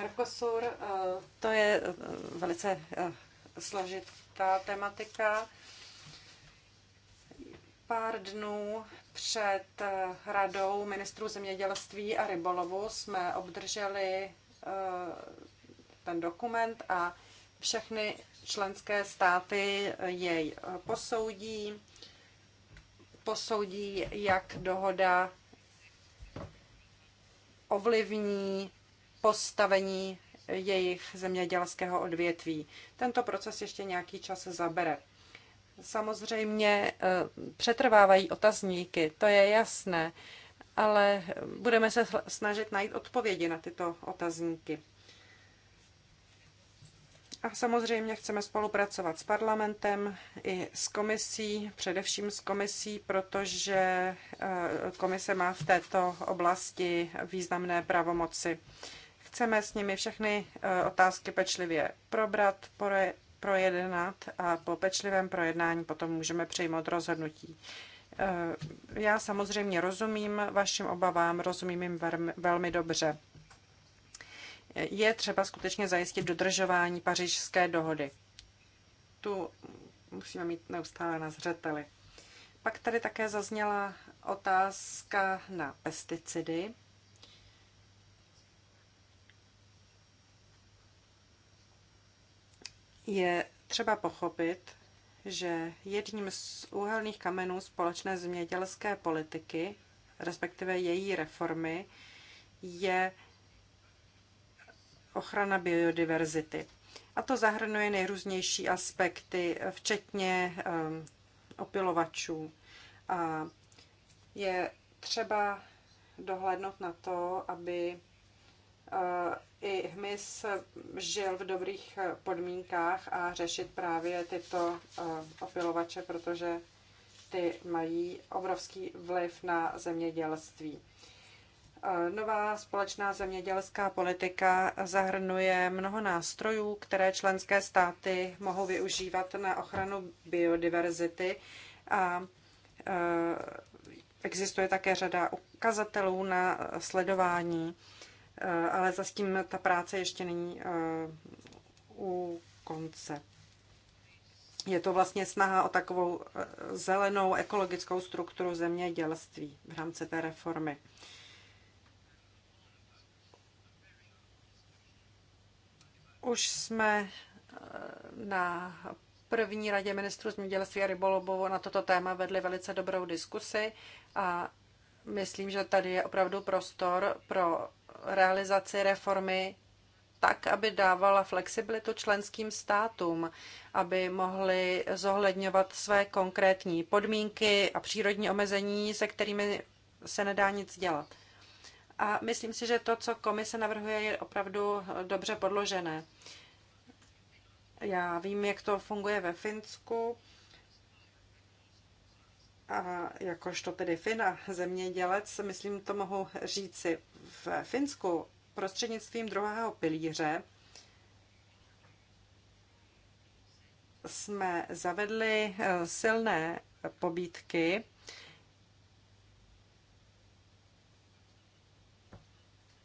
Mercosur, eh, to je eh, velice eh, složitá tematika. Pár dnů před radou ministrů zemědělství a rybolovu jsme obdrželi ten dokument a všechny členské státy jej posoudí. Posoudí, jak dohoda ovlivní postavení jejich zemědělského odvětví. Tento proces ještě nějaký čas zabere. Samozřejmě eh, přetrvávají otazníky, to je jasné, ale budeme se snažit najít odpovědi na tyto otazníky. A samozřejmě chceme spolupracovat s parlamentem i s komisí, především s komisí, protože eh, komise má v této oblasti významné pravomoci. Chceme s nimi všechny eh, otázky pečlivě probrat, projednat a po pečlivém projednání potom můžeme přijmout rozhodnutí. Eh, já samozřejmě rozumím vašim obavám, rozumím jim velmi dobře. Je třeba skutečně zajistit dodržování pařížské dohody. Tu musíme mít neustále na zřeteli. Pak tady také zazněla otázka na pesticidy. je třeba pochopit, že jedním z úhelných kamenů společné zemědělské politiky, respektive její reformy, je ochrana biodiverzity. A to zahrnuje nejrůznější aspekty, včetně um, opilovačů. A je třeba dohlédnout na to, aby Eh, i hmyz žil v dobrých eh, podmínkách a řešit právě tyto eh, opilovače, protože ty mají obrovský vliv na zemědělství. Nová společná zemědělská politika zahrnuje mnoho nástrojů, které členské státy mohou využívat na ochranu biodiverzity a existuje také řada ukazatelů na sledování Eh, ale zatím ta práce ještě není eh, u konce. Je to vlastně snaha o takovou eh, zelenou ekologickou strukturu zemědělství v rámci té reformy. Už jsme na první radě ministrů zemědělství a rybolovu na toto téma vedli velice dobrou diskusi a myslím, že tady je opravdu prostor pro realizaci reformy tak, aby dávala flexibilitu členským státům, aby mohli zohledňovat své konkrétní podmínky a přírodní omezení, se kterými se nedá nic dělat. A myslím si, že to, co komise navrhuje, je opravdu dobře podložené. Já vím, jak to funguje ve Finsku. A jakožto tedy Fina, zemědělec, myslím, to mohu říci, v Finsku prostřednictvím druhého pilíře jsme zavedli eh, silné pobídky,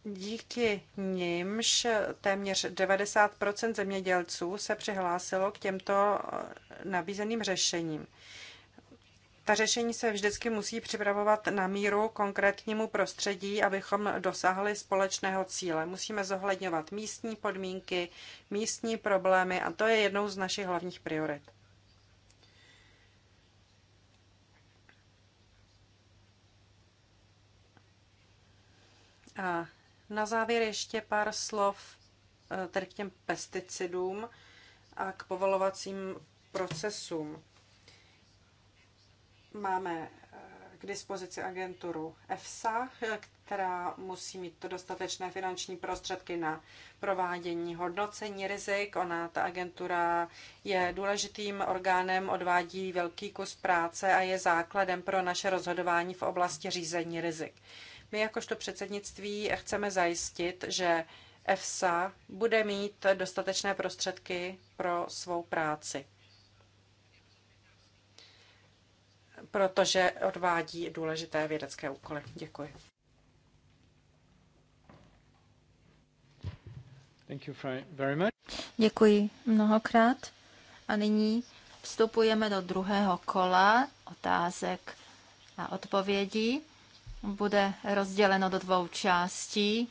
díky nimž téměř 90 zemědělců se přihlásilo k těmto eh, nabízeným řešením. Ta řešení se vždycky musí připravovat na míru konkrétnímu prostředí, abychom dosáhli společného cíle. Musíme zohledňovat místní podmínky, místní problémy a to je jednou z našich hlavních priorit. A na závěr ještě pár slov eh, tedy k těm pesticidům a k povolovacím procesům. Máme eh, k dispozici agenturu EFSA, eh, která musí mít dostatečné finanční prostředky na provádění hodnocení rizik. Ona, ta agentura, je důležitým orgánem, odvádí velký kus práce a je základem pro naše rozhodování v oblasti řízení rizik. My jakožto předsednictví chceme zajistit, že EFSA bude mít dostatečné prostředky pro svou práci. protože odvádí důležité vědecké úkoly. Děkuji. Thank you very much. Děkuji mnohokrát. A nyní vstupujeme do druhého kola otázek a odpovědí. Bude rozděleno do dvou částí.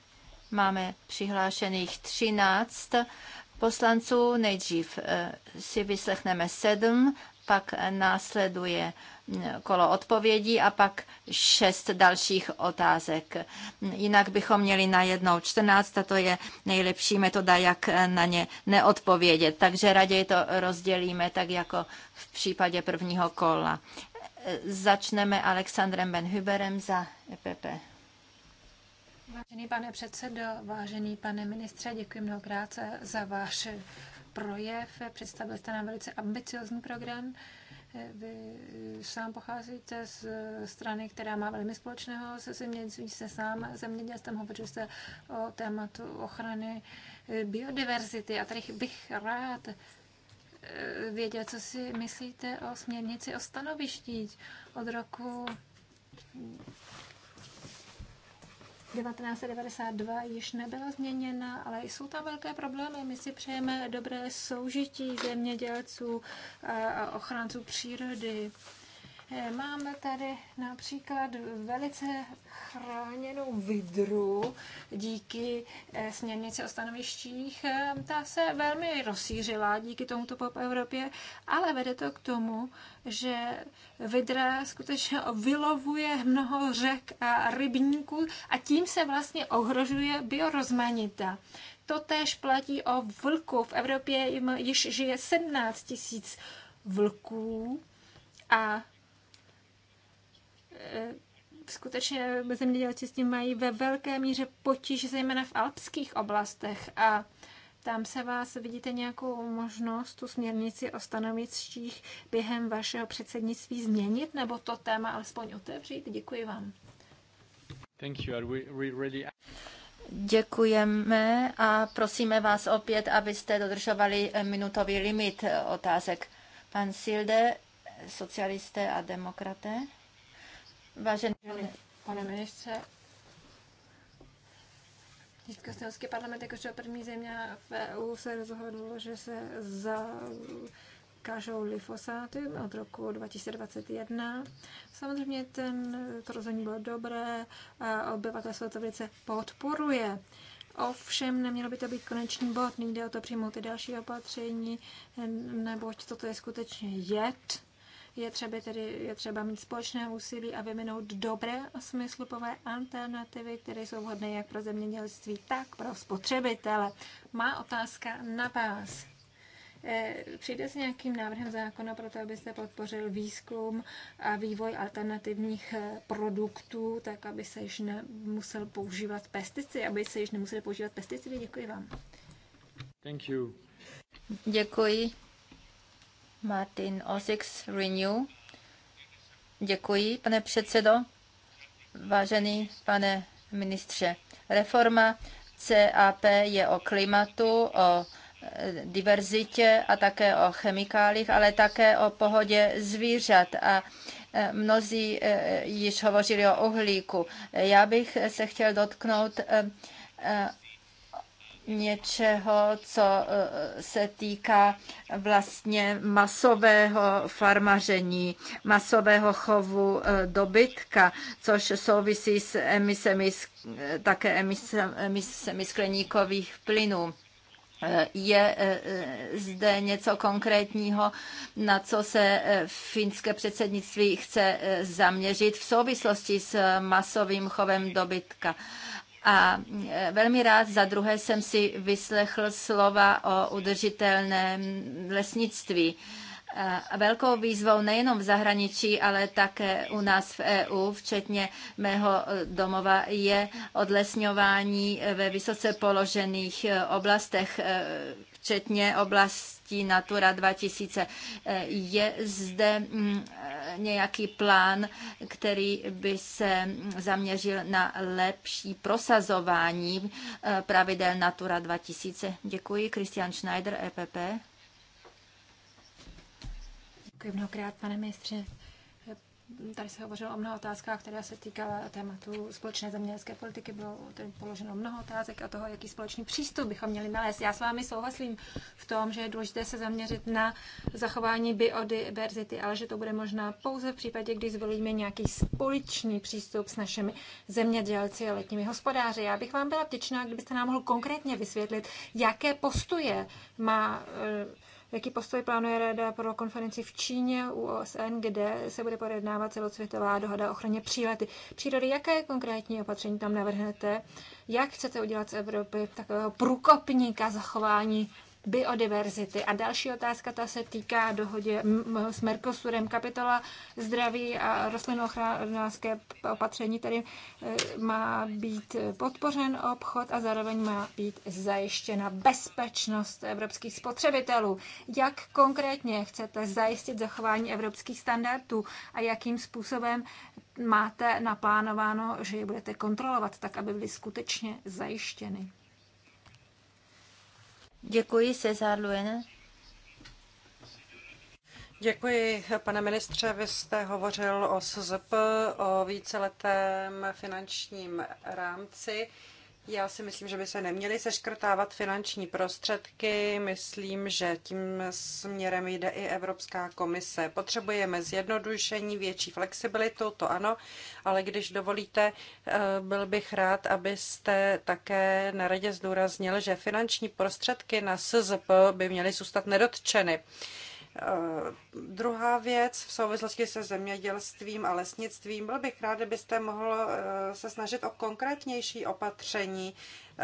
Máme přihlášených 13 poslanců. Nejdřív eh, si vyslechneme sedm, pak následuje kolo odpovědí a pak šest dalších otázek. Jinak bychom měli na jednou 14 a to je nejlepší metoda, jak na ně neodpovědět. Takže raději to rozdělíme tak jako v případě prvního kola. Začneme Alexandrem Benhuberem za EPP. Vážený pane předsedo, vážený pane ministře, děkuji mnohokrát za váš projev. Představil jste nám velice ambiciozní program Eh, vy eh, sám pocházíte z eh, strany, která má velmi společného se zemědělství, se sám zemědělstvem, hovořil jste o tématu ochrany biodiverzity a tady bych rád věděl, co si myslíte o směrnici o stanovištích od roku 1992 již nebyla změněna, ale jsou tam velké problémy. My si přejeme dobré soužití zemědělců a ochránců přírody. Máme tady například velice chráněnou vidru díky eh, směrnici o stanovištích. Eh, Ta se velmi rozšířila díky tomuto pop Evropě, ale vede to k tomu, že vidra skutečně vylovuje mnoho řek a rybníků a tím se vlastně ohrožuje biorozmanita. To též platí o vlku. V Evropě jim již žije 17 tisíc vlků a Eh, skutečně zemědělci s tím mají ve velké míře potíž, zejména v alpských oblastech. A tam se vás, vidíte nějakou možnost tu směrnici o stanovicích během vašeho předsednictví změnit, nebo to téma alespoň otevřít? Děkuji vám. Thank you. We, we really... Děkujeme a prosíme vás opět, abyste dodržovali eh, minutový limit otázek. Pan Silde, socialisté a demokraté. Vážený pane, pane ministře, Československý parlament jakožto první země v EU se rozhodl, že se zakážou lifosáty od roku 2021. Samozřejmě ten, to bylo dobré a obyvatelstvo to velice podporuje. Ovšem nemělo by to být konečný bod, nejde o to přijmout i další opatření, neboť toto je skutečně jed je třeba, tedy, je třeba mít společné úsilí a vyvinout dobré a smysluplné alternativy, které jsou vhodné jak pro zemědělství, tak pro spotřebitele. Má otázka na vás eh, přijde s nějakým návrhem zákona pro to, abyste podpořil výzkum a vývoj alternativních eh, produktů, tak aby se již nemusel používat pesticidy, aby se již nemusel používat pesticidy. Děkuji vám. Thank you. Děkuji. Martin Osix, Renew. Děkuji, pane předsedo. Vážený pane ministře, reforma CAP je o klimatu, o e, diverzitě a také o chemikálích, ale také o pohodě zvířat. A e, mnozí e, již hovořili o uhlíku. Já bych se chtěl dotknout něčeho, co eh, se týká vlastně masového farmaření, masového chovu eh, dobytka, což souvisí s emisemi, eh, také emisemi, skleníkových plynů. Je zde něco konkrétního, na co se finské předsednictví chce zaměřit v souvislosti s masovým chovem dobytka? A e, velmi rád za druhé jsem si vyslechl slova o udržitelném lesnictví e, velkou výzvou nejenom v zahraničí, ale také u nás v EU, včetně mého e, domova, je odlesňování ve vysoce položených oblastech včetně oblastí Natura 2000. Je zde mm, eh, nějaký plán, který by se zaměřil na lepší prosazování eh, pravidel Natura 2000? Děkuji. Christian Schneider, EPP. Děkuji mnohokrát, pane ministře. Tady se hovořilo o mnoha otázkách, která se týkala tématu společné zemědělské politiky. Bylo tady položeno mnoho otázek a toho, jaký společný přístup bychom měli nalézt. Já s vámi souhlasím v tom, že je důležité se zaměřit na zachování biodiverzity, ale že to bude možná pouze v případě, kdy zvolíme nějaký společný přístup s našimi zemědělci a letními hospodáři. Já bych vám byla vděčná, kdybyste nám mohl konkrétně vysvětlit, jaké postoje má eh, Jaký postoj plánuje Rada pro konferenci v Číně u OSN, kde se bude projednávat celosvětová dohoda o ochraně přírody? Přírody, jaké konkrétní opatření tam navrhnete? Jak chcete udělat z Evropy takového průkopníka zachování biodiverzity. A další otázka, ta se týká dohodě s Mercosurem. Kapitola zdraví a rostlinochránářské opatření tedy e, má být podpořen obchod a zároveň má být zajištěna bezpečnost evropských spotřebitelů. Jak konkrétně chcete zajistit zachování evropských standardů a jakým způsobem máte naplánováno, že je budete kontrolovat, tak aby byly skutečně zajištěny? Děkuji, César Luene. Děkuji, pane ministře. Vy jste hovořil o SZP, o víceletém finančním rámci. Já si myslím, že by se neměly seškrtávat finanční prostředky. Myslím, že tím směrem jde i Evropská komise. Potřebujeme zjednodušení, větší flexibilitu, to ano, ale když dovolíte, eh, byl bych rád, abyste také na radě zdůraznil, že finanční prostředky na SZP by měly zůstat nedotčeny. Eh, druhá věc v souvislosti se zemědělstvím a lesnictvím. Byl bych rád, kdybyste mohl eh, se snažit o konkrétnější opatření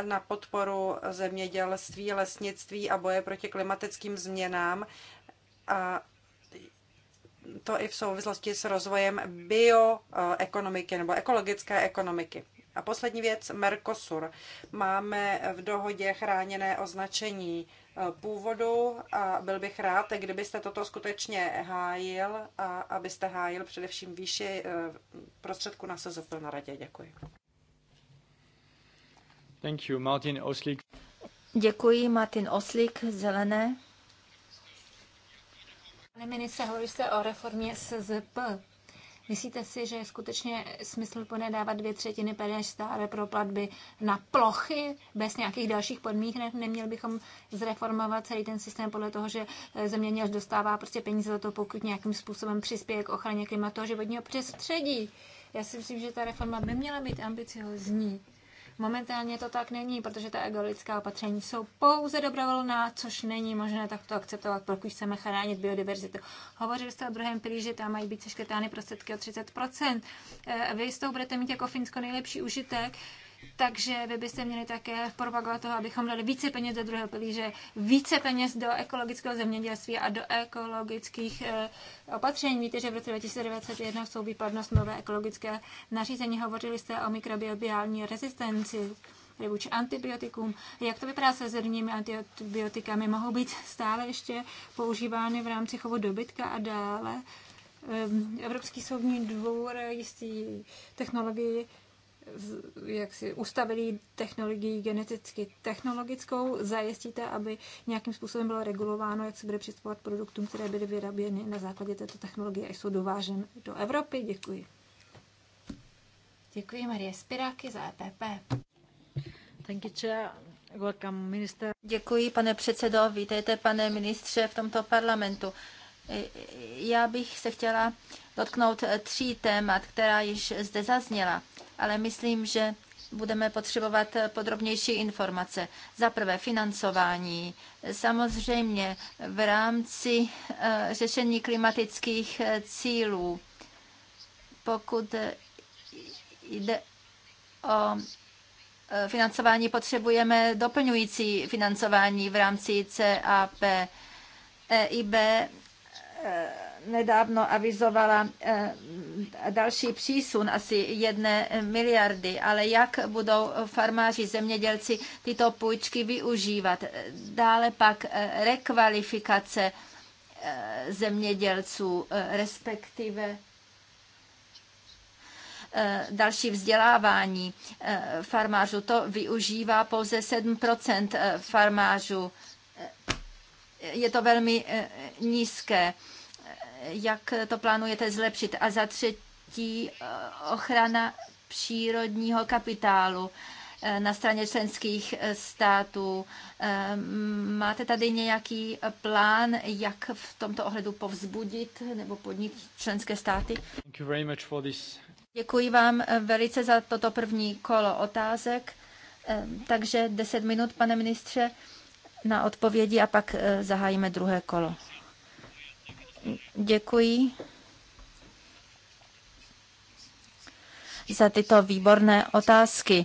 na podporu zemědělství, lesnictví a boje proti klimatickým změnám. A to i v souvislosti s rozvojem bioekonomiky nebo ekologické ekonomiky. A poslední věc, Mercosur. Máme v dohodě chráněné označení eh, původu a byl bych rád, kdybyste toto skutečně hájil a abyste hájil především výši eh, prostředku na SZP na radě. Děkuji. Thank you, Martin Oslík. Děkuji, Martin Oslík, Zelené. Pane ministře, hovoří se o reformě SZP. Myslíte si, že je skutečně plné dávat dvě třetiny peněz stále pro platby na plochy bez nějakých dalších podmínek? Neměli bychom zreformovat celý ten systém podle toho, že eh, zemědělec dostává prostě peníze za to, pokud nějakým způsobem přispěje k ochraně klimatu a životního přestředí? Já si myslím, že ta reforma by měla být ambiciozní. Momentálně to tak není, protože ta egolická opatření jsou pouze dobrovolná, což není možné takto akceptovat, pokud chceme chránit biodiverzitu. Hovořili jste o druhém pilíři, tam mají být seškrtány prostředky o 30%. E, vy z toho budete mít jako Finsko nejlepší užitek, takže vy byste měli také propagovat toho, abychom dali více peněz do druhého pilíře, více peněz do ekologického zemědělství a do ekologických eh, opatření. Víte, že v roce 2021 jsou výpadnost nové ekologické nařízení. Hovořili jste o mikrobiální rezistenci vůči antibiotikům. Jak to vypadá se zrnými antibiotikami? Mohou být stále ještě používány v rámci chovu dobytka a dále? Ehm, Evropský soudní dvůr jistý technologii jak si ustavili technologii geneticky technologickou, zajistíte, aby nějakým způsobem bylo regulováno, jak se bude přistupovat k produktům, které byly vyráběny na základě této technologie a jsou dováženy do Evropy. Děkuji. Děkuji Marie Spiráky za EPP. Thank you, chair. Welcome, minister. Děkuji, pane předsedo. Vítejte, pane ministře, v tomto parlamentu. Já bych se chtěla dotknout tří témat, která již zde zazněla, ale myslím, že budeme potřebovat podrobnější informace. Za prvé financování. Samozřejmě v rámci eh, řešení klimatických eh, cílů, pokud eh, jde o financování, potřebujeme doplňující financování v rámci CAP. EIB Eh, nedávno avizovala eh, další přísun asi jedné miliardy, ale jak budou farmáři, zemědělci tyto půjčky využívat? Dále pak eh, rekvalifikace zemědělců, respektive další vzdělávání farmářů. To využívá pouze 7 farmářů je to velmi eh, nízké. Jak to plánujete zlepšit? A za třetí eh, ochrana přírodního kapitálu eh, na straně členských států. Máte tady nějaký plán, jak v tomto ohledu povzbudit nebo podnit členské státy? Děkuji vám velice za toto první kolo otázek. Takže 10 minut, pane ministře na odpovědi a pak eh, zahájíme druhé kolo. Děkuji za tyto výborné otázky.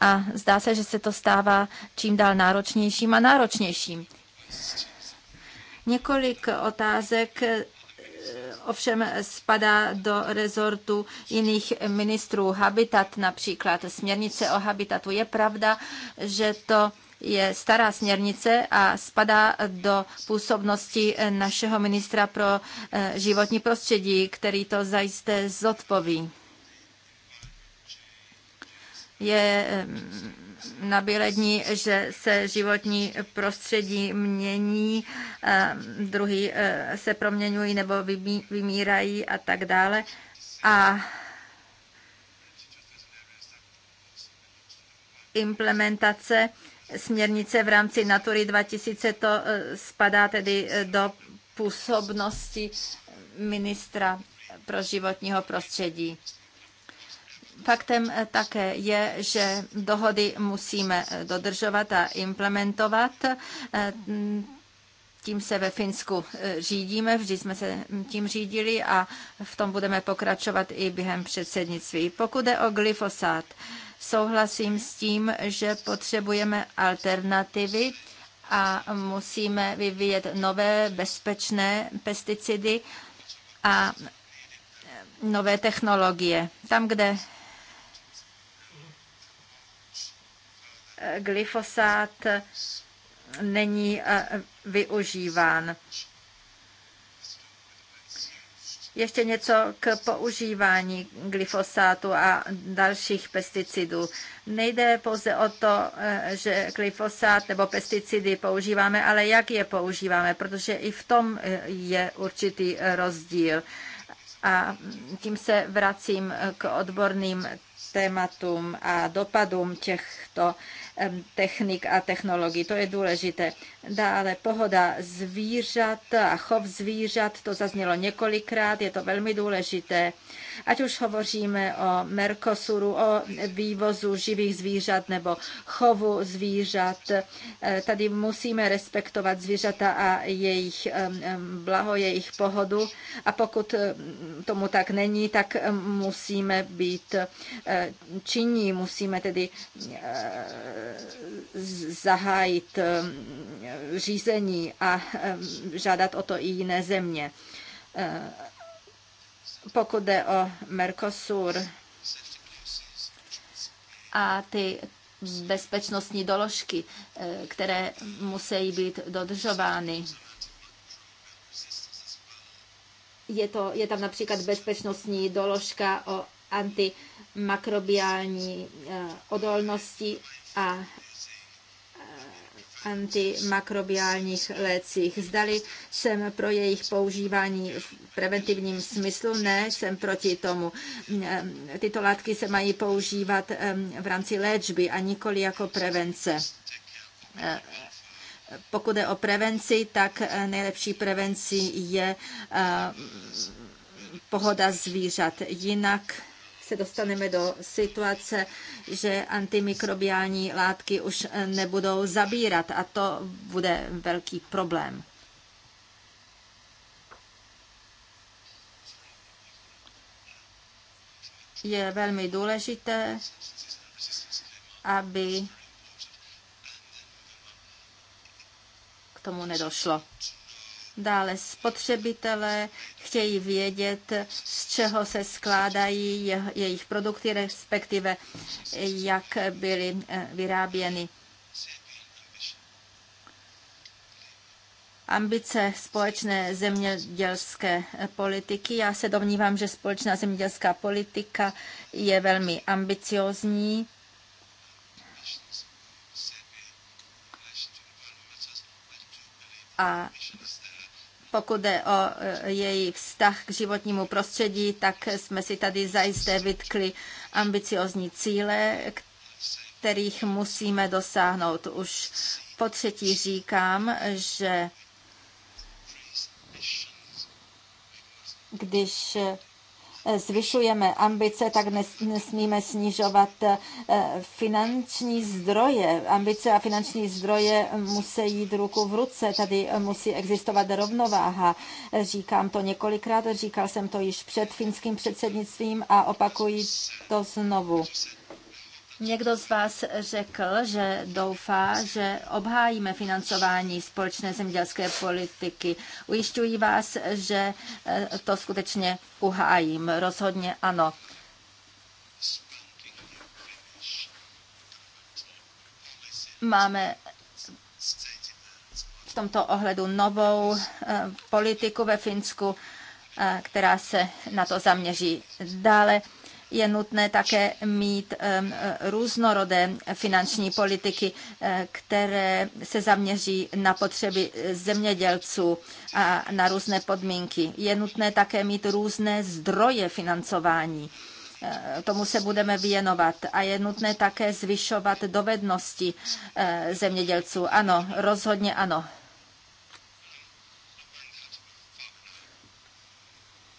A zdá se, že se to stává čím dál náročnějším a náročnějším. Několik otázek eh, ovšem spadá do rezortu jiných ministrů. Habitat například, směrnice o habitatu. Je pravda, že to je stará směrnice a spadá do působnosti našeho ministra pro eh, životní prostředí, který to zajisté zodpoví. Je mm, na že se životní prostředí mění, eh, druhý eh, se proměňují nebo vymírají a tak dále. A implementace směrnice v rámci Natury 2000, to eh, spadá tedy eh, do působnosti ministra pro životního prostředí. Faktem eh, také je, že dohody musíme dodržovat a implementovat. Mm, tím se ve Finsku řídíme, vždy jsme se mm, tím řídili a v tom budeme pokračovat i během předsednictví. Pokud je o glyfosát, Souhlasím s tím, že potřebujeme alternativy a musíme vyvíjet nové bezpečné pesticidy a nové technologie. Tam, kde glyfosát není eh, využíván. Ještě něco k používání glyfosátu a dalších pesticidů. Nejde pouze o to, eh, že glyfosát nebo pesticidy používáme, ale jak je používáme, protože i v tom eh, je určitý eh, rozdíl. A tím se vracím k odborným tématům a dopadům těchto technik a technologií. To je důležité. Dále pohoda zvířat a chov zvířat, to zaznělo několikrát, je to velmi důležité. Ať už hovoříme o Mercosuru, o vývozu živých zvířat nebo chovu zvířat, eh, tady musíme respektovat zvířata a jejich eh, mm, blaho, jejich pohodu. A pokud eh, mm, tomu tak není, tak musíme být činní, musíme tedy zahájit řízení a žádat o to i jiné země. Pokud jde o Mercosur a ty bezpečnostní doložky, eh, které musí být dodržovány. Je, to, je tam například bezpečnostní doložka o antimakrobiální eh, odolnosti a antimakrobiálních lécích. Zdali jsem pro jejich používání v preventivním smyslu, ne, jsem proti tomu. Tyto látky se mají používat v rámci léčby a nikoli jako prevence. Pokud je o prevenci, tak eh, nejlepší prevenci je eh, pohoda zvířat. Jinak se dostaneme do situace, že antimikrobiální látky už nebudou zabírat a to bude velký problém. Je velmi důležité, aby k tomu nedošlo. Dále spotřebitelé chtějí vědět, z čeho se skládají jejich produkty, respektive jak byly eh, vyráběny. ambice společné zemědělské eh, politiky. Já se domnívám, že společná zemědělská politika je velmi ambiciozní. A pokud jde o e, její vztah k životnímu prostředí, tak jsme si tady zajisté vytkli ambiciozní cíle, kterých musíme dosáhnout. Už po třetí říkám, že když Eh, zvyšujeme ambice, tak nesmíme snižovat eh, finanční zdroje. Ambice a finanční zdroje musí jít ruku v ruce, tady eh, musí existovat rovnováha. Říkám to několikrát, říkal jsem to již před finským předsednictvím a opakuji to znovu. Někdo z vás řekl, že doufá, že obhájíme financování společné zemědělské politiky. Ujišťuji vás, že eh, to skutečně uhájím. Rozhodně ano. Máme v tomto ohledu novou eh, politiku ve Finsku, eh, která se na to zaměří. Dále je nutné také mít různorodé finanční politiky, eh, které se zaměří na potřeby zemědělců a na různé podmínky. Je nutné také mít různé zdroje financování eh, tomu se budeme věnovat. A je nutné také zvyšovat dovednosti eh, zemědělců. Ano, rozhodně ano.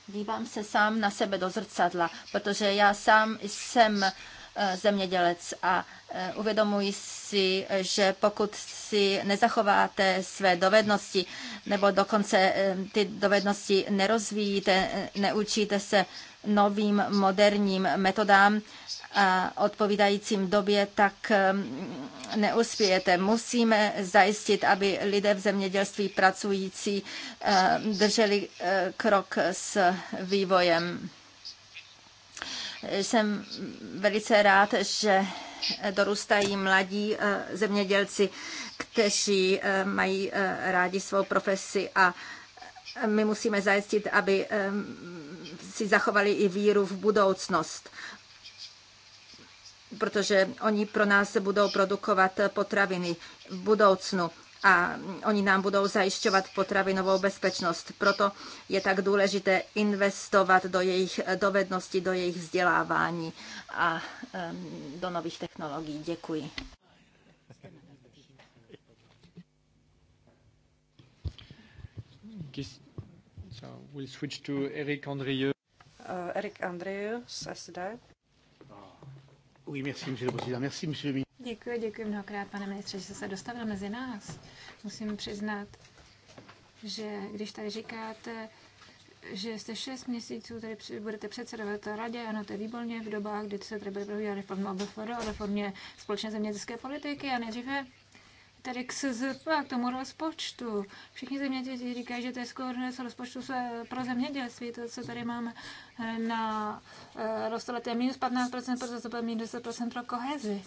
Dívám se sám na sebe do zrcadla, protože já sám jsem Eh, zemědělec a eh, uvědomují si, že pokud si nezachováte své dovednosti nebo dokonce eh, ty dovednosti nerozvíjíte, neučíte se novým moderním metodám a odpovídajícím době, tak neuspějete. Musíme zajistit, aby lidé v zemědělství pracující drželi krok s vývojem. Jsem velice rád, že dorůstají mladí eh, zemědělci, kteří eh, mají eh, rádi svou profesi a my musíme zajistit, aby si zachovali i víru v budoucnost protože oni pro nás budou produkovat potraviny v budoucnu a oni nám budou zajišťovat potravinovou bezpečnost. Proto je tak důležité investovat do jejich dovedností, do jejich vzdělávání a do nových technologií. Děkuji. So we'll switch to Eric Andrieux. Uh, eh, Eric Andrieux, SD. Oui, merci, monsieur le président. Merci, monsieur le Děkuji, děkuji mnohokrát, pane ministře, že jste se dostavil mezi nás. Musím přiznat, že když tady říkáte, že jste šest měsíců tady budete předsedovat radě, ano, to je výborně, v dobách, kdy se tady bude probíhat reforma OBFR, o reformě společné zemědělské politiky a nejdříve tady k SZP, k tomu rozpočtu. Všichni zemědělci říkají, že to je koordinace rozpočtu pro zemědělství, to, co tady máme eh, na eh, rostoleté minus 15%, pro bude minus 10% pro kohezi.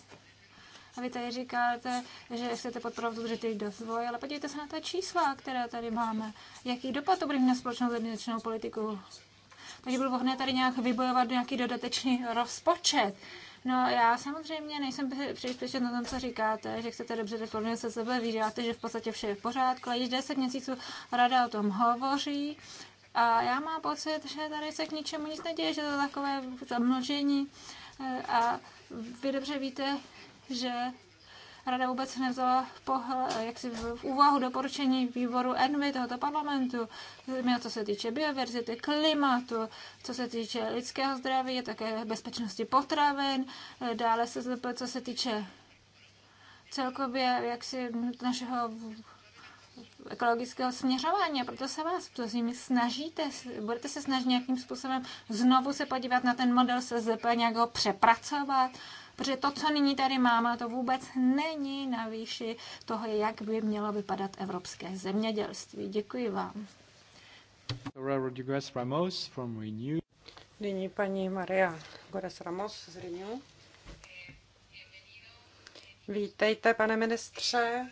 A vy tady říkáte, že chcete podporovat udržitý rozvoj, ale podívejte se na ta čísla, která tady máme. Jaký dopad to bude na společnou zemědělčnou politiku? Takže bylo vhodné tady nějak vybojovat nějaký dodatečný rozpočet. No já samozřejmě nejsem příliš přesvědčen na tom, co říkáte, že chcete dobře reformovat se sebe, vy říkáte, že v podstatě vše je v pořádku, ale již 10 měsíců rada o tom hovoří a já mám pocit, že tady se k ničemu nic neděje, že to je takové zamnožení a vy dobře víte, že Rada vůbec nevzala pohle, jak si v úvahu doporučení výboru ENVY tohoto parlamentu, co se týče bioverzity, klimatu, co se týče lidského zdraví, také bezpečnosti potravin, dále se zlepil, co se týče celkově jak si našeho ekologického směřování. proto se vás prosím, snažíte, budete se snažit nějakým způsobem znovu se podívat na ten model SZP, nějak ho přepracovat, protože to, co nyní tady máme, to vůbec není na výši toho, jak by mělo vypadat evropské zemědělství. Děkuji vám. Nyní paní Maria Gores Ramos z Renew. Vítejte, pane ministře.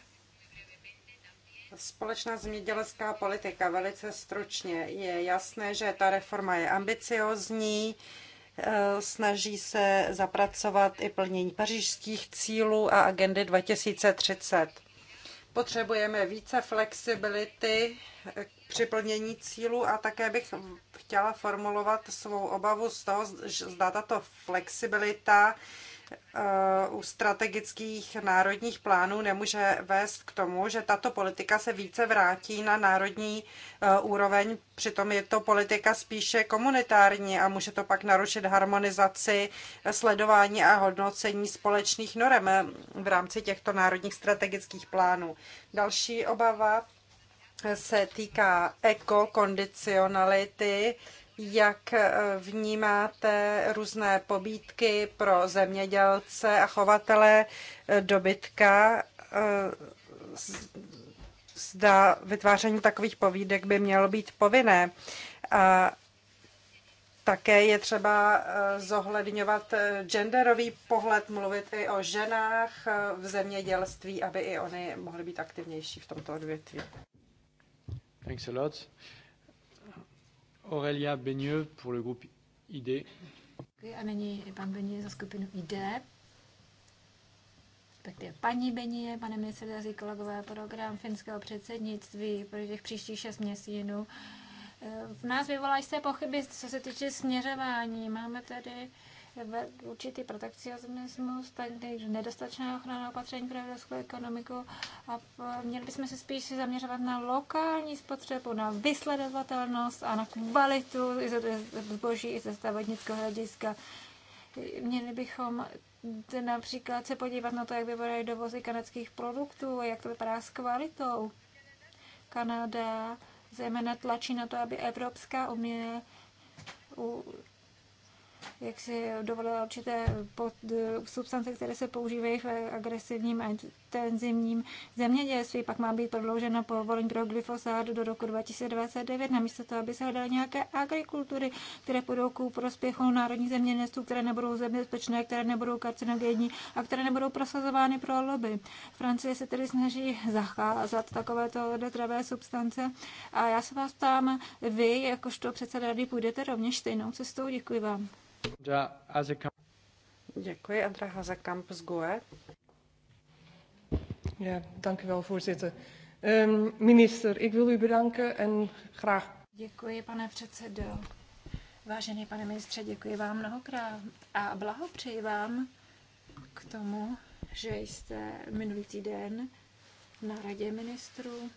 Společná zemědělská politika, velice stručně. Je jasné, že ta reforma je ambiciozní, Eh, snaží se zapracovat i plnění pařížských cílů a agendy 2030. Potřebujeme více flexibility eh, při plnění cílů a také bych chtěla formulovat svou obavu z toho, zda tato flexibilita Eh, u strategických národních plánů nemůže vést k tomu, že tato politika se více vrátí na národní eh, úroveň. Přitom je to politika spíše komunitární a může to pak narušit harmonizaci, sledování a hodnocení společných norem eh, v rámci těchto národních strategických plánů. Další obava se týká ekokondicionality, jak eh, vnímáte různé pobídky pro zemědělce a chovatele eh, dobytka. Eh, zda vytváření takových povídek by mělo být povinné. A také je třeba zohledňovat genderový pohled, mluvit i o ženách v zemědělství, aby i oni mohli být aktivnější v tomto odvětví. Thanks a lot. Aurelia Beigneux pour le groupe ID. A nyní pan Beigneux za skupinu ID. Respektive paní Beigneux, pane ministře, drazí kolegové, program finského předsednictví pro těch příštích šest měsíců. Eh, v nás vyvolají se pochyby, co se týče směřování. Máme tady určitý protekcionismus, takže nedostatečná ochrana opatření pro evropskou ekonomiku a měli bychom se spíš zaměřovat na lokální spotřebu, na vysledovatelnost a na kvalitu zboží i ze stavodnického hlediska. Měli bychom například se podívat na to, jak vypadají dovozy kanadských produktů, jak to vypadá s kvalitou. Kanada zejména tlačí na to, aby Evropská unie jak si dovolila určité pod, eh, substance, které se používají v agresivním a intenzivním zemědělství. Pak má být prodlouženo povolení pro glyfosát do roku 2029, namísto toho, aby se hledaly nějaké agrikultury, které půjdou ku prospěchu národních zemědělců, které nebudou bezpečné, které nebudou karcinogenní a které nebudou prosazovány pro lobby. Francie se tedy snaží zacházat takovéto odetravé substance. A já se vás ptám, vy, jakožto předseda rady, půjdete rovněž stejnou cestou? Děkuji vám. Děkuji, Andra Hazekamp z GUE. Ja, dank u wel, voorzitter. Um, minister, ik wil u bedanken en graag... Děkuji, pane předsedo. Vážený pane ministře, děkuji vám mnohokrát a blahopřeji vám k tomu, že jste minulý týden na radě ministrů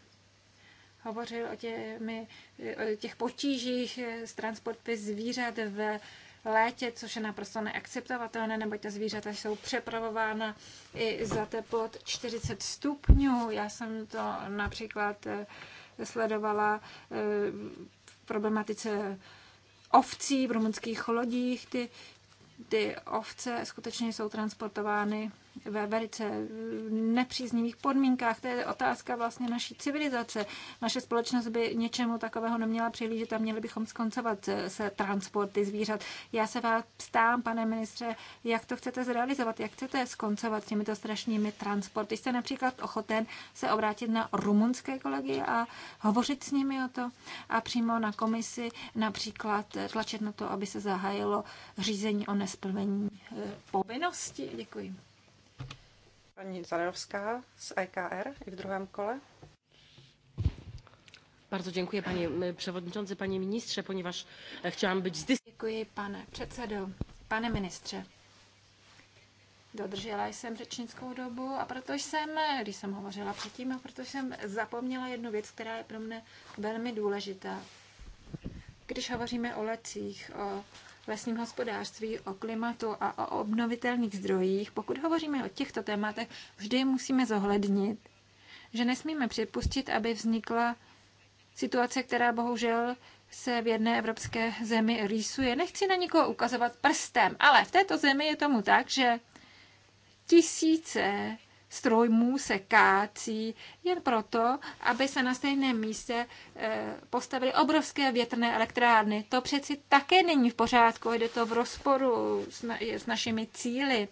hovořil o, těmi, o těch potížích s transporty zvířat ve létě, což je naprosto neakceptovatelné, neboť ta zvířata jsou přepravována i za teplot 40 stupňů. Já jsem to například eh, sledovala eh, v problematice ovcí v rumunských lodích. Ty, ty ovce skutečně jsou transportovány ve velice eh, nepříznivých podmínkách. To je otázka vlastně naší civilizace. Naše společnost by něčemu takového neměla přihlížet a měli bychom skoncovat se transporty zvířat. Já se vás ptám, pane ministře, jak to chcete zrealizovat, jak chcete skoncovat s těmito strašnými transporty. Jste například ochoten se obrátit na rumunské kolegy a hovořit s nimi o to a přímo na komisi například tlačit na to, aby se zahájilo řízení o nesplnění eh, povinnosti. Děkuji. Paní Zalewská z EKR i v druhém kole. Bardzo dziękuję panie przewodniczący, panie ministrze, ponieważ e, chciałam być zdys... Dziękuję pane předsedo, pane ministrze. Dodržela jsem řečnickou dobu a proto jsem, když jsem hovořila předtím, a proto jsem zapomněla jednu věc, která je pro mě velmi důležitá. Když hovoříme o lecích, o lesním hospodářství, o klimatu a o obnovitelných zdrojích, pokud hovoříme o těchto tématech, vždy musíme zohlednit, že nesmíme připustit, aby vznikla situace, která bohužel se v jedné evropské zemi rýsuje. Nechci na nikoho ukazovat prstem, ale v této zemi je tomu tak, že tisíce strojmů se kácí jen proto, aby se na stejném místě eh, postavily obrovské větrné elektrárny. To přeci také není v pořádku, jde to v rozporu s, na, s našimi cíly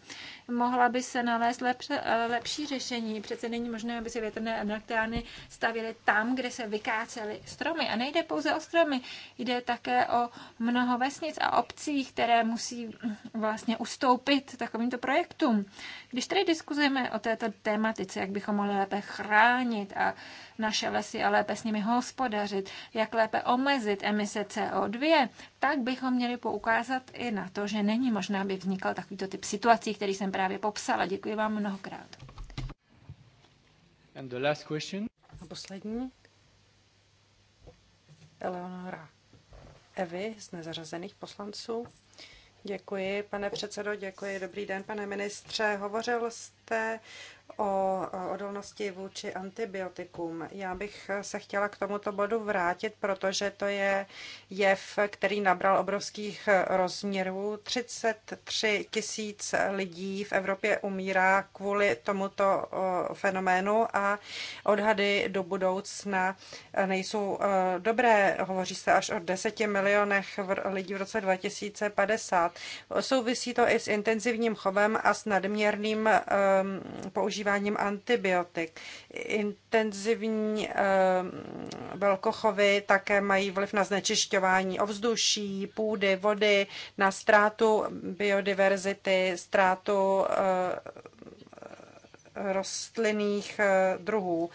mohla by se nalézt lepře, eh, lepší řešení. Přece není možné, aby se větrné elektrárny stavěly tam, kde se vykácely stromy. A nejde pouze o stromy, jde také o mnoho vesnic a obcí, které musí hm, vlastně ustoupit takovýmto projektům. Když tady diskuzujeme o této tématice, jak bychom mohli lépe chránit a naše lesy a lépe s nimi hospodařit, jak lépe omezit emise CO2, tak bychom měli poukázat i na to, že není možná, aby vznikal takovýto typ situací, který jsem právě popsala. Děkuji vám mnohokrát. And the last question. A poslední. Eleonora Evy z nezařazených poslanců. Děkuji, pane předsedo, děkuji. Dobrý den, pane ministře. Hovořil jste o odolnosti vůči antibiotikům. Já bych se chtěla k tomuto bodu vrátit, protože to je jev, který nabral obrovských rozměrů. 33 tisíc lidí v Evropě umírá kvůli tomuto fenoménu a odhady do budoucna nejsou dobré. Hovoří se až o 10 milionech lidí v roce 2050. Souvisí to i s intenzivním chovem a s nadměrným používáním používáním antibiotik. Intenzivní eh, velkochovy také mají vliv na znečišťování ovzduší, půdy, vody, na ztrátu biodiverzity, ztrátu eh, rostlinných eh, druhů.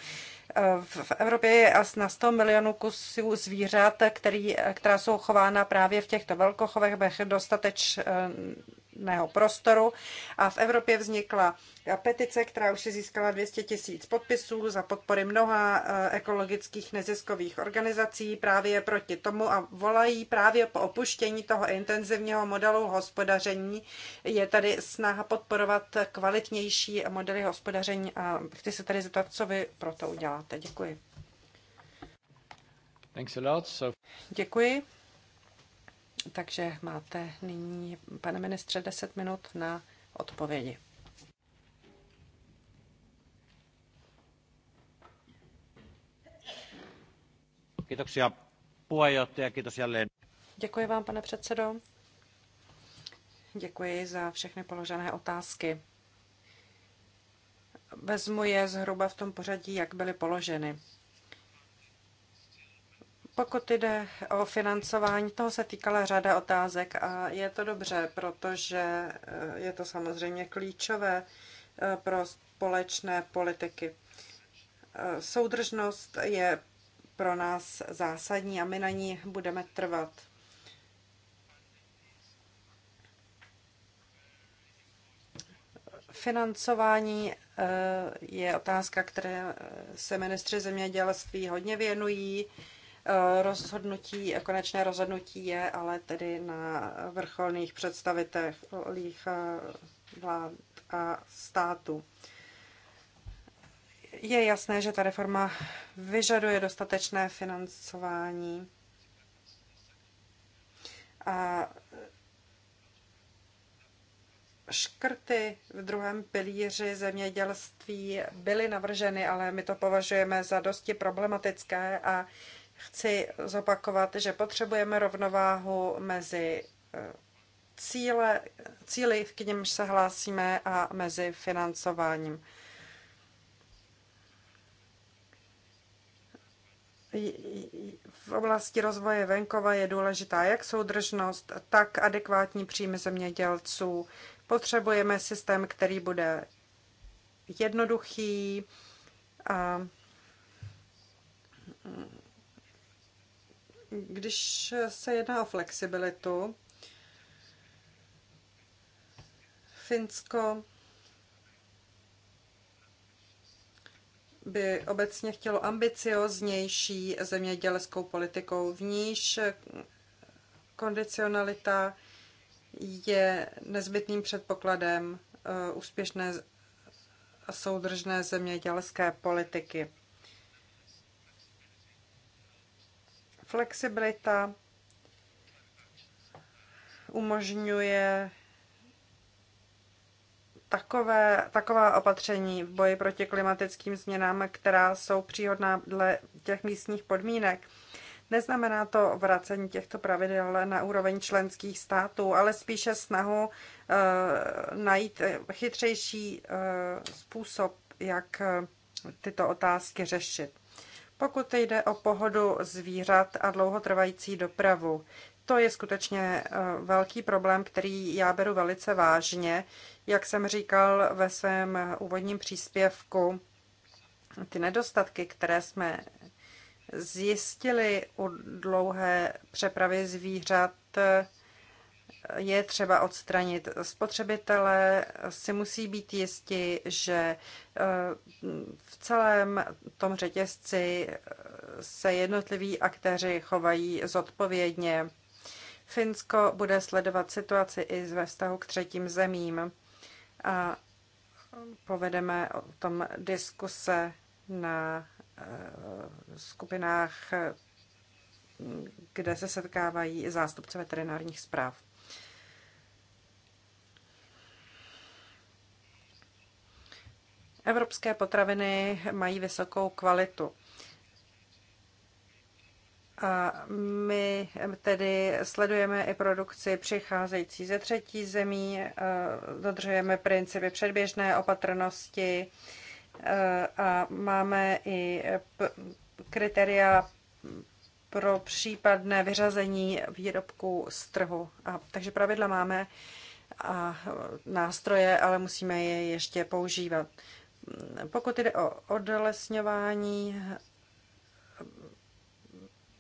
V Evropě je asi na 100 milionů kusů zvířat, který, která jsou chována právě v těchto velkochovech bez dostatečného prostoru. A v Evropě vznikla petice, která už si získala 200 tisíc podpisů za podpory mnoha eh, ekologických neziskových organizací právě proti tomu a volají právě po opuštění toho intenzivního modelu hospodaření. Je tady snaha podporovat kvalitnější modely hospodaření a chci se tady zeptat, co vy pro to uděláte. Děkuji. Thanks a lot. So... Děkuji. Takže máte nyní, pane ministře, 10 minut na odpovědi. Děkuji vám, pane předsedo. Děkuji za všechny položené otázky. Vezmu je zhruba v tom pořadí, jak byly položeny. Pokud jde o financování, toho se týkala řada otázek a je to dobře, protože eh, je to samozřejmě klíčové eh, pro společné politiky. Eh, soudržnost je pro nás zásadní a my na ní budeme trvat. Financování eh, je otázka, které eh, se ministři zemědělství hodně věnují. Eh, rozhodnutí, konečné rozhodnutí je ale tedy na vrcholných představitelích vlád a států. Je jasné, že ta reforma vyžaduje dostatečné financování. A škrty v druhém pilíři zemědělství byly navrženy, ale my to považujeme za dosti problematické a chci zopakovat, že potřebujeme rovnováhu mezi eh, cíle, cíly, k němž se hlásíme, a mezi financováním. v oblasti rozvoje venkova je důležitá jak soudržnost, tak adekvátní příjmy zemědělců. Potřebujeme systém, který bude jednoduchý a mm, když se jedná o flexibilitu, Finsko by obecně chtělo ambicioznější zemědělskou politikou, v níž kondicionalita je nezbytným předpokladem eh, úspěšné a soudržné zemědělské politiky. Flexibilita umožňuje takové, taková opatření v boji proti klimatickým změnám, která jsou příhodná dle těch místních podmínek. Neznamená to vracení těchto pravidel na úroveň členských států, ale spíše snahu uh, najít chytřejší uh, způsob, jak eh, tyto otázky řešit. Pokud jde o pohodu zvířat a dlouhotrvající dopravu, to je skutečně eh, velký problém, který já beru velice vážně. Jak jsem říkal ve svém úvodním příspěvku, ty nedostatky, které jsme zjistili u dlouhé přepravy zvířat, eh, je třeba odstranit. Spotřebitelé si musí být jisti, že eh, v celém tom řetězci se jednotliví aktéři chovají zodpovědně. Finsko bude sledovat situaci i ve vztahu k třetím zemím. A povedeme o tom diskuse na eh, skupinách, kde se setkávají zástupce zástupci veterinárních zpráv. Evropské potraviny mají vysokou kvalitu. A my tedy sledujeme i produkci přicházející ze třetí zemí, e, dodržujeme principy předběžné opatrnosti e, a máme i kritéria pro případné vyřazení výrobků z trhu. A, takže pravidla máme a nástroje, ale musíme je ještě používat. Pokud jde o odlesňování,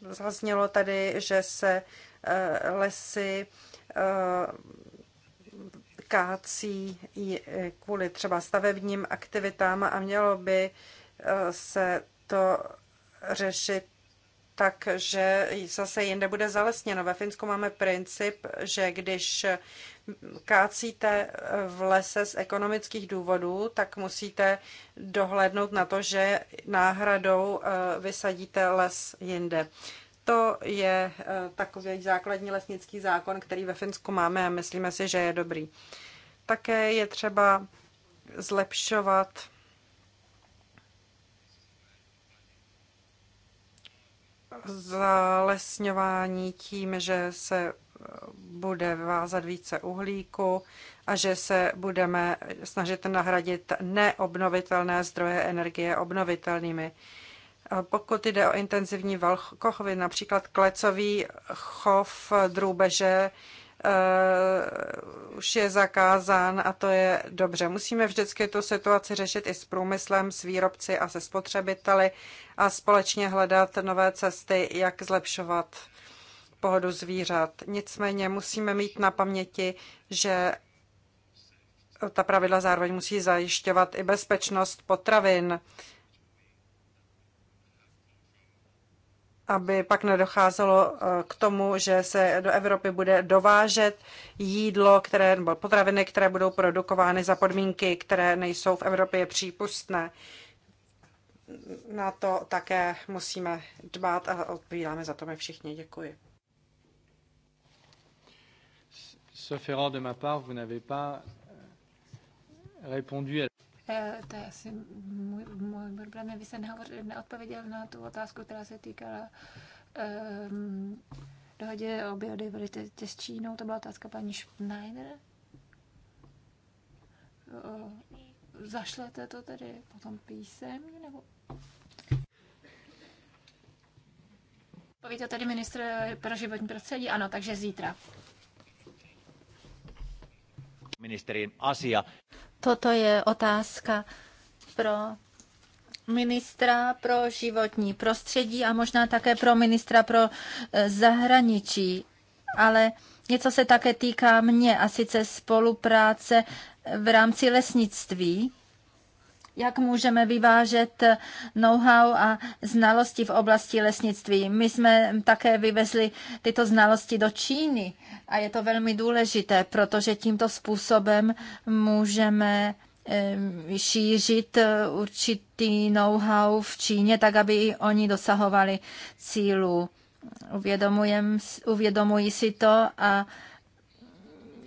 Zaznělo tady, že se eh, lesy eh, kácí kvůli třeba stavebním aktivitám a mělo by eh, se to řešit tak, že zase jinde bude zalesněno. Ve Finsku máme princip, že když kácíte eh, v lese z ekonomických důvodů, tak musíte dohlédnout na to, že náhradou eh, vysadíte les jinde. To je eh, takový základní lesnický zákon, který ve Finsku máme a myslíme si, že je dobrý. Také je třeba zlepšovat zalesňování tím, že se bude vázat více uhlíku a že se budeme snažit nahradit neobnovitelné zdroje energie obnovitelnými. Pokud jde o intenzivní velkochovy, například klecový chov drůbeže, uh, už je zakázán a to je dobře. Musíme vždycky tu situaci řešit i s průmyslem, s výrobci a se spotřebiteli a společně hledat nové cesty, jak zlepšovat pohodu zvířat. Nicméně musíme mít na paměti, že ta pravidla zároveň musí zajišťovat i bezpečnost potravin, aby pak nedocházelo eh, k tomu, že se do Evropy bude dovážet jídlo, které, nebo potraviny, které budou produkovány za podmínky, které nejsou v Evropě přípustné. Na to také musíme dbát a odpovídáme za to my všichni. Děkuji. Sauf erreur de ma part, vous n'avez pas euh, répondu à eh, to je asi můj, můj problém. Vy jste neodpověděl na tu otázku, která se týkala um, dohodě o biodiverzitě s Čínou. To byla otázka paní Schneider. O, zašlete to tedy potom písemně, nebo Povíte tady ministr pro životní prostředí? Ano, takže zítra ministerin asia. Toto je otázka pro ministra pro životní prostředí a možná také pro ministra pro e, zahraničí, ale něco se také týká mě a sice spolupráce v rámci lesnictví jak můžeme vyvážet know-how a znalosti v oblasti lesnictví. My jsme také vyvezli tyto znalosti do Číny a je to velmi důležité, protože tímto způsobem můžeme eh, šířit eh, určitý know-how v Číně, tak aby i oni dosahovali cílů. Uvědomuji si to a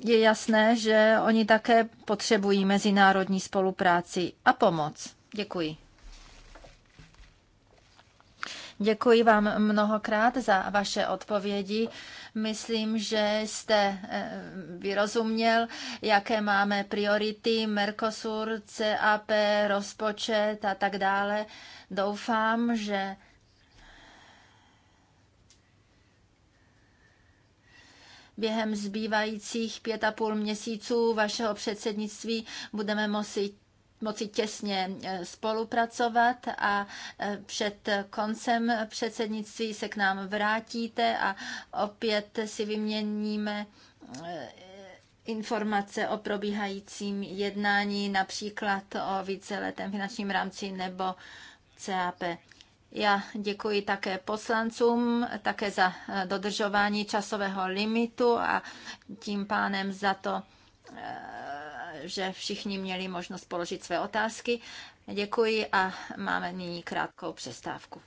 je jasné, že oni také potřebují mezinárodní spolupráci a pomoc. Děkuji. Děkuji vám mnohokrát za vaše odpovědi. Myslím, že jste eh, vyrozuměl, jaké máme priority Mercosur, CAP, rozpočet a tak dále. Doufám, že během zbývajících pět a půl měsíců vašeho předsednictví budeme moci moci těsně e, spolupracovat a e, před koncem předsednictví se k nám vrátíte a opět si vyměníme e, informace o probíhajícím jednání, například o víceletém finančním rámci nebo CAP. Já děkuji také poslancům, také za eh, dodržování časového limitu a tím pánem za to, eh, že všichni měli možnost položit své otázky. Děkuji a máme nyní krátkou přestávku.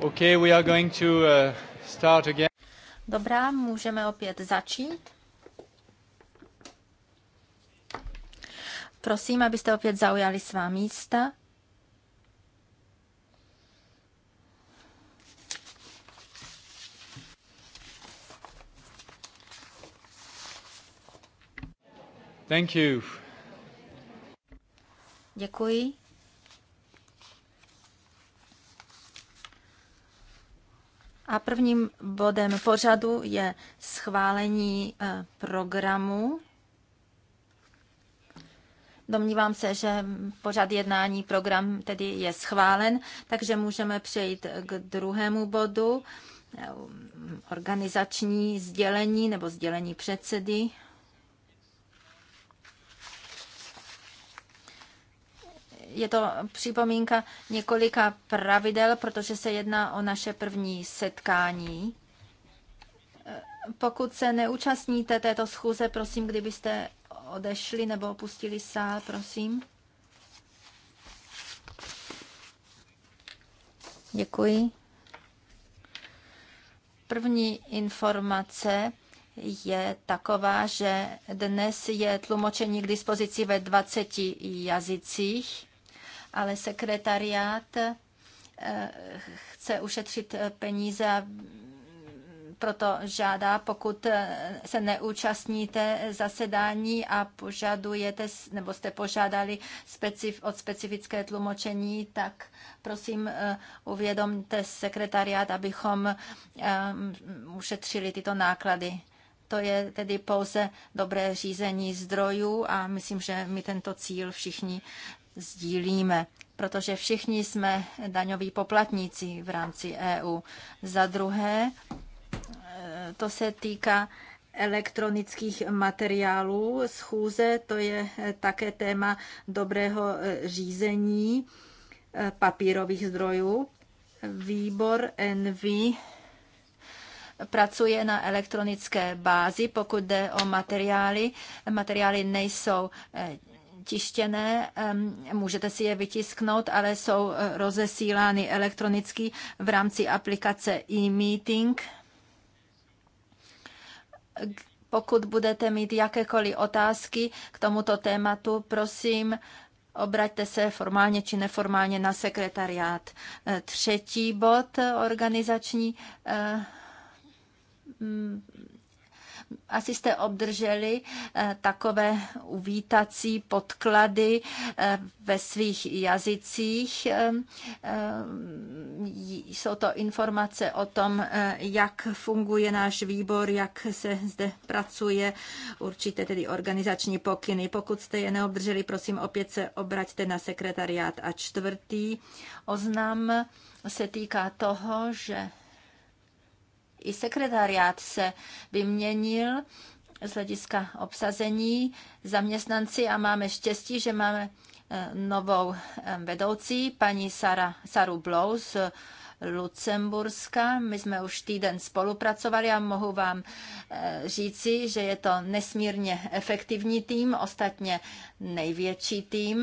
Okay, we are going to uh, start again. Dobrá, můžeme opět začít. Prosím, abyste opět zaujali svá místa. Thank you. Děkuji. A prvním bodem pořadu je schválení eh, programu. Domnívám se, že pořad jednání program tedy je schválen, takže můžeme přejít k druhému bodu eh, organizační sdělení nebo sdělení předsedy Je to připomínka několika pravidel, protože se jedná o naše první setkání. Pokud se neúčastníte této schůze, prosím, kdybyste odešli nebo opustili sál, prosím. Děkuji. První informace je taková, že dnes je tlumočení k dispozici ve 20 jazycích ale sekretariát eh, chce ušetřit eh, peníze a proto žádá, pokud eh, se neúčastníte zasedání a požadujete, nebo jste požádali od specifické tlumočení, tak prosím uvědomte sekretariát, abychom ušetřili tyto náklady. To je tedy pouze dobré řízení zdrojů a myslím, že my tento cíl všichni sdílíme, protože všichni jsme daňoví poplatníci v rámci EU. Za druhé, e, to se týká elektronických materiálů. Schůze to je e, také téma dobrého e, řízení papírových zdrojů. Výbor NV pracuje na elektronické bázi, pokud jde o materiály. Materiály nejsou tištěné, můžete si je vytisknout, ale jsou eh, rozesílány elektronicky v rámci aplikace e-meeting. Pokud budete mít jakékoliv otázky k tomuto tématu, prosím, obraťte se formálně či neformálně na sekretariát. Eh, třetí bod eh, organizační asi jste obdrželi eh, takové uvítací podklady eh, ve svých jazycích. Eh, jsou to informace o tom, jak funguje náš výbor, jak se zde pracuje, určité tedy organizační pokyny. Pokud jste je neobdrželi, prosím, opět se obraťte na sekretariát. A čtvrtý oznam se týká toho, že i sekretariát se vyměnil z hlediska obsazení zaměstnanci a máme štěstí, že máme eh, novou eh, vedoucí, paní Sara, Saru Blou z Lucemburska. My jsme už týden spolupracovali a mohu vám eh, říci, že je to nesmírně efektivní tým, ostatně největší tým,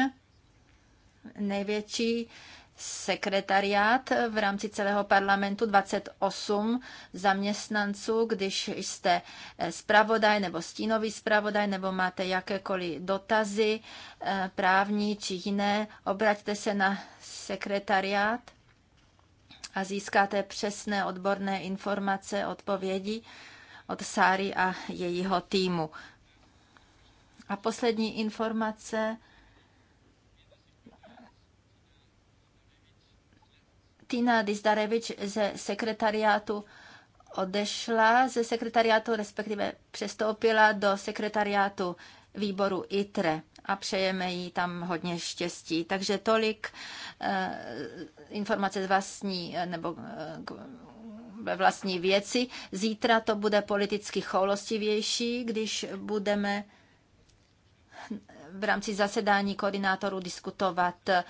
největší sekretariát v rámci celého parlamentu, 28 zaměstnanců, když jste eh, zpravodaj nebo stínový zpravodaj nebo máte jakékoliv dotazy eh, právní či jiné, obraťte se na sekretariát a získáte přesné odborné informace, odpovědi od Sáry a jejího týmu. A poslední informace Martina Dizdarevič ze sekretariátu odešla ze sekretariátu, respektive přestoupila do sekretariátu výboru ITRE a přejeme jí tam hodně štěstí. Takže tolik eh, informace z vlastní eh, nebo eh, ve vlastní věci. Zítra to bude politicky choulostivější, když budeme v rámci zasedání koordinátorů diskutovat um,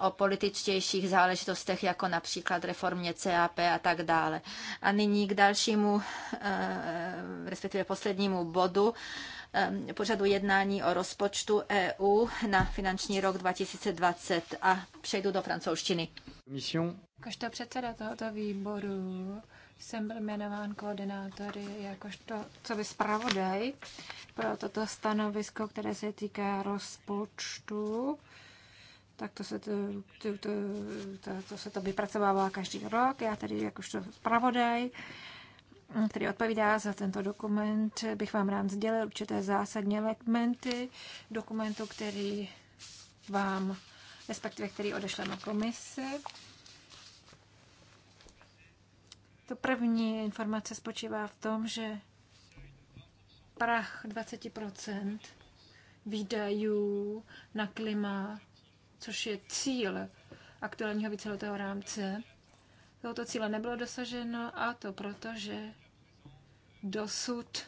o političtějších záležitostech, jako například reformě CAP a tak dále. A nyní k dalšímu, uh, respektive poslednímu bodu um, pořadu jednání o rozpočtu EU na finanční rok 2020 a přejdu do francouzštiny. Mission. předseda tohoto výboru jsem byl jmenován koordinátory jakožto, co by zpravodaj pro toto stanovisko, které se týká rozpočtu. Tak to se to, to, to, to, to, se to vypracovává každý rok. Já tady jakožto zpravodaj, který odpovídá za tento dokument, bych vám rád sdělil určité zásadní elementy dokumentu, který vám, respektive který na komisi. To první informace spočívá v tom, že prach 20% výdajů na klima, což je cíl aktuálního víceletého rámce, tohoto cíle nebylo dosaženo a to proto, že dosud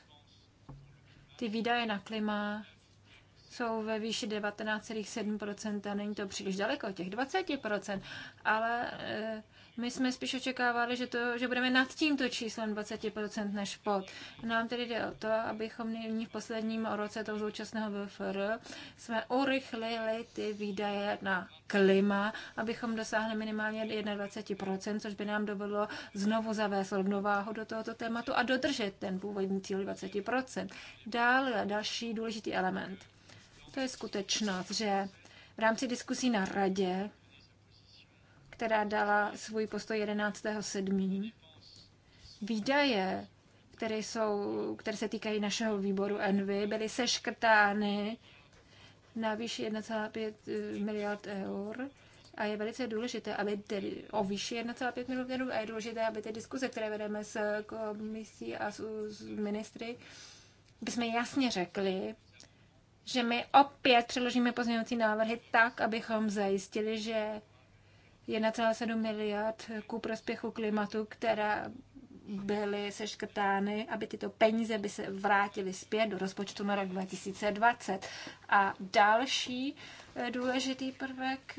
ty výdaje na klima jsou ve výši 19,7% a není to příliš daleko, těch 20%, ale eh, my jsme spíš očekávali, že, to, že budeme nad tímto číslem 20% než pod. Nám tedy jde o to, abychom nyní v posledním roce toho současného VFR jsme urychlili ty výdaje na klima, abychom dosáhli minimálně 21%, což by nám dovolilo znovu zavést rovnováhu do tohoto tématu a dodržet ten původní cíl 20%. Dále další důležitý element. To je skutečnost, že v rámci diskusí na radě která dala svůj postoj 11.7. Výdaje, které, jsou, které se týkají našeho výboru Envy, byly seškrtány na výši 1,5 miliard eur. A je velice důležité, aby tedy o výši 1,5 miliard eur, a je důležité, aby ty diskuze, které vedeme s komisí a s, s ministry, aby jsme jasně řekli, že my opět přeložíme pozměňovací návrhy tak, abychom zajistili, že 1,7 miliard ku prospěchu klimatu, která byly seškrtány, aby tyto peníze by se vrátily zpět do rozpočtu na rok 2020. A další eh, důležitý prvek,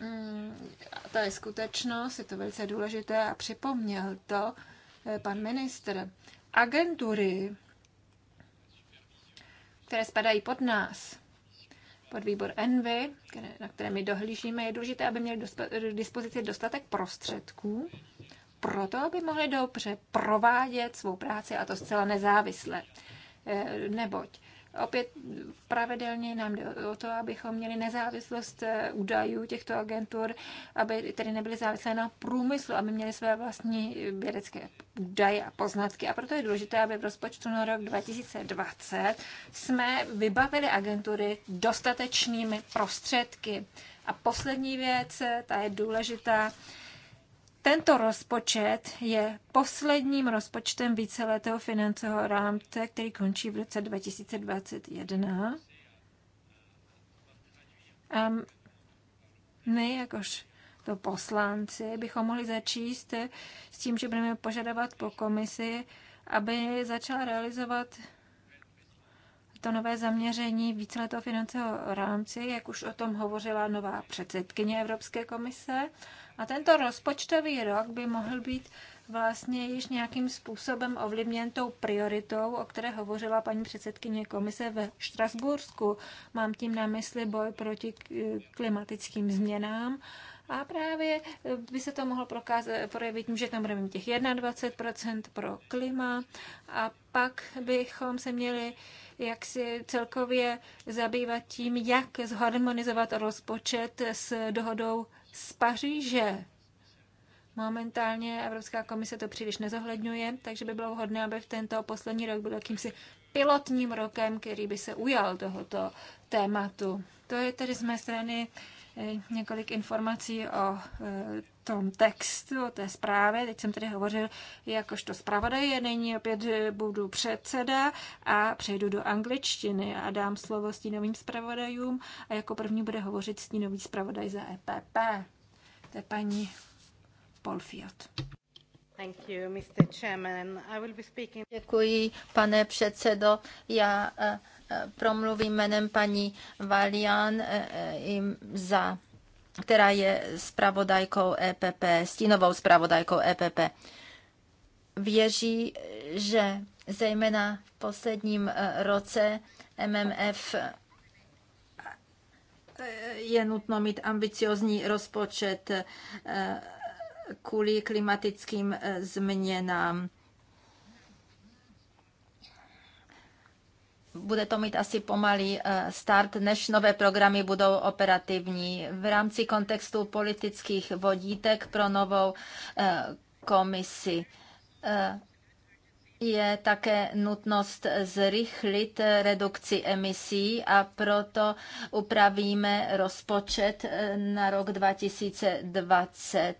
mm, to je skutečnost, je to velice důležité a připomněl to eh, pan ministr. Agentury, které spadají pod nás, podvýbor Envy, na které my dohlížíme, je důležité, aby měli k dispozici dostatek prostředků, pro to, aby mohli dobře provádět svou práci a to zcela nezávisle. Eh, neboť Opět pravidelně nám jde o to, abychom měli nezávislost eh, údajů těchto agentur, aby tedy nebyly závislé na průmyslu, aby měli své vlastní vědecké údaje a poznatky. A proto je důležité, aby v rozpočtu na rok 2020 jsme vybavili agentury dostatečnými prostředky. A poslední věc, eh, ta je důležitá, tento rozpočet je posledním rozpočtem víceletého finančního rámce, který končí v roce 2021. A my, jakož to poslanci, bychom mohli začíst s tím, že budeme požadovat po komisi, aby začala realizovat to nové zaměření víceletého finančního rámci, jak už o tom hovořila nová předsedkyně Evropské komise. A tento rozpočtový rok by mohl být vlastně již nějakým způsobem ovlivněn tou prioritou, o které hovořila paní předsedkyně komise ve Štrasbursku. Mám tím na mysli boj proti klimatickým změnám. A právě eh, by se to mohlo prokázat, eh, projevit tím, že tam budeme mít těch 21% pro klima a pak bychom se měli jak si celkově zabývat tím, jak zharmonizovat rozpočet s dohodou z Paříže. Momentálně Evropská komise to příliš nezohledňuje, takže by bylo vhodné, aby v tento poslední rok byl jakýmsi pilotním rokem, který by se ujal tohoto tématu. To je tedy z mé strany několik informací o e, tom textu, o té zprávě. Teď jsem tedy hovořil jakožto zpravodaj, nyní opět e, budu předseda a přejdu do angličtiny a dám slovo stínovým zpravodajům a jako první bude hovořit stínový zpravodaj za EPP. To je paní Polfiot. Thank you, Mr. Chairman. I will be speaking... Děkuji, pane předsedo. Já uh, promluvím jménem paní Valian eh, eh, za která je spravodajkou EPP, stínovou spravodajkou EPP. Věří, že zejména v posledním eh, roce MMF je nutno mít ambiciozní rozpočet kvůli klimatickým změnám. bude to mít asi pomalý eh, start, než nové programy budou operativní. V rámci kontextu politických vodítek pro novou eh, komisi eh, je také nutnost zrychlit redukci emisí a proto upravíme rozpočet na rok 2020,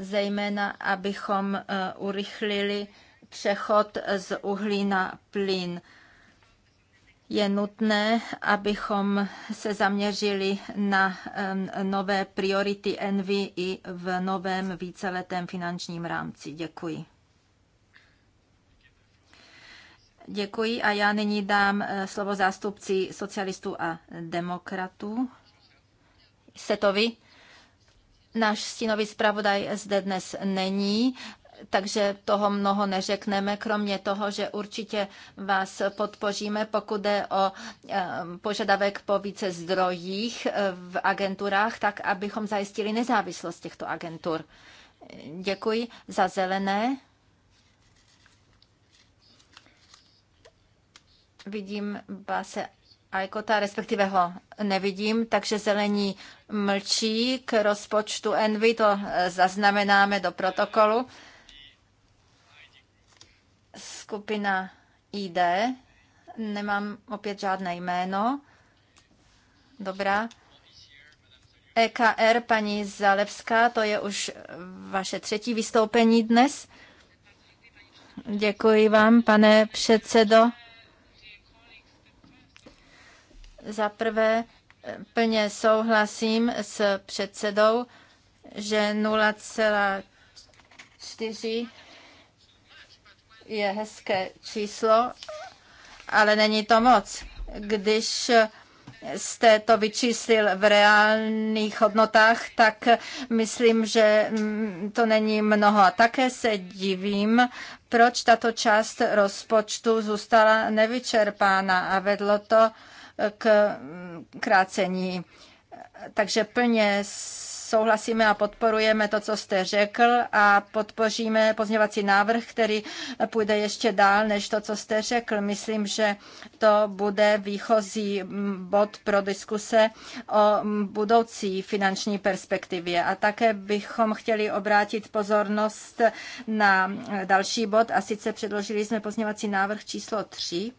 zejména abychom urychlili přechod z uhlí na plyn je nutné, abychom se zaměřili na nové priority Envy i v novém víceletém finančním rámci. Děkuji. Děkuji a já nyní dám eh, slovo zástupci socialistů a demokratů. Setovi. Náš stínový zpravodaj zde dnes není, takže toho mnoho neřekneme, kromě toho, že určitě vás podpoříme, pokud jde o eh, požadavek po více zdrojích eh, v agenturách, tak abychom zajistili nezávislost těchto agentur. Děkuji za zelené. Vidím Base Aikota, respektive ho nevidím, takže zelení mlčí k rozpočtu Envy, to eh, zaznamenáme do protokolu. Skupina ID, nemám opět žádné jméno. Dobrá. EKR, paní Zalevská, to je už vaše třetí vystoupení dnes. Děkuji vám, pane předsedo. Za prvé plně souhlasím s předsedou, že 0,4 je hezké číslo, ale není to moc. Když jste to vyčíslil v reálných hodnotách, tak myslím, že mm, to není mnoho. A také se divím, proč tato část rozpočtu zůstala nevyčerpána a vedlo to k mm, krácení. Takže plně souhlasíme a podporujeme to, co jste řekl a podpoříme pozměvací návrh, který půjde ještě dál než to, co jste řekl. Myslím, že to bude výchozí mm, bod pro diskuse o mm, budoucí finanční perspektivě. A také bychom chtěli obrátit pozornost na další bod a sice předložili jsme pozměvací návrh číslo 3,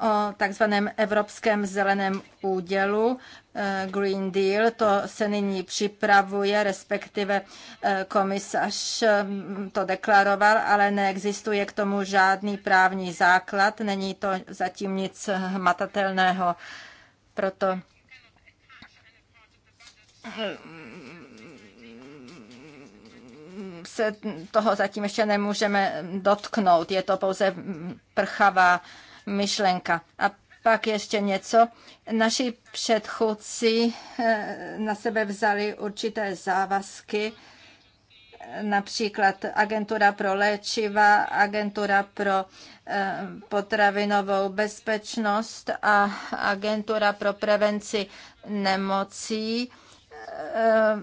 o takzvaném Evropském zeleném údělu eh, Green Deal. To se nyní připravuje, respektive eh, komisař mm, to deklaroval, ale neexistuje k tomu žádný právní základ. Není to zatím nic hmatatelného. Proto hm, se toho zatím ještě nemůžeme dotknout. Je to pouze hm, prchavá myšlenka. A pak ještě něco. Naši předchůdci eh, na sebe vzali určité závazky, například agentura pro léčiva, agentura pro eh, potravinovou bezpečnost a agentura pro prevenci nemocí eh,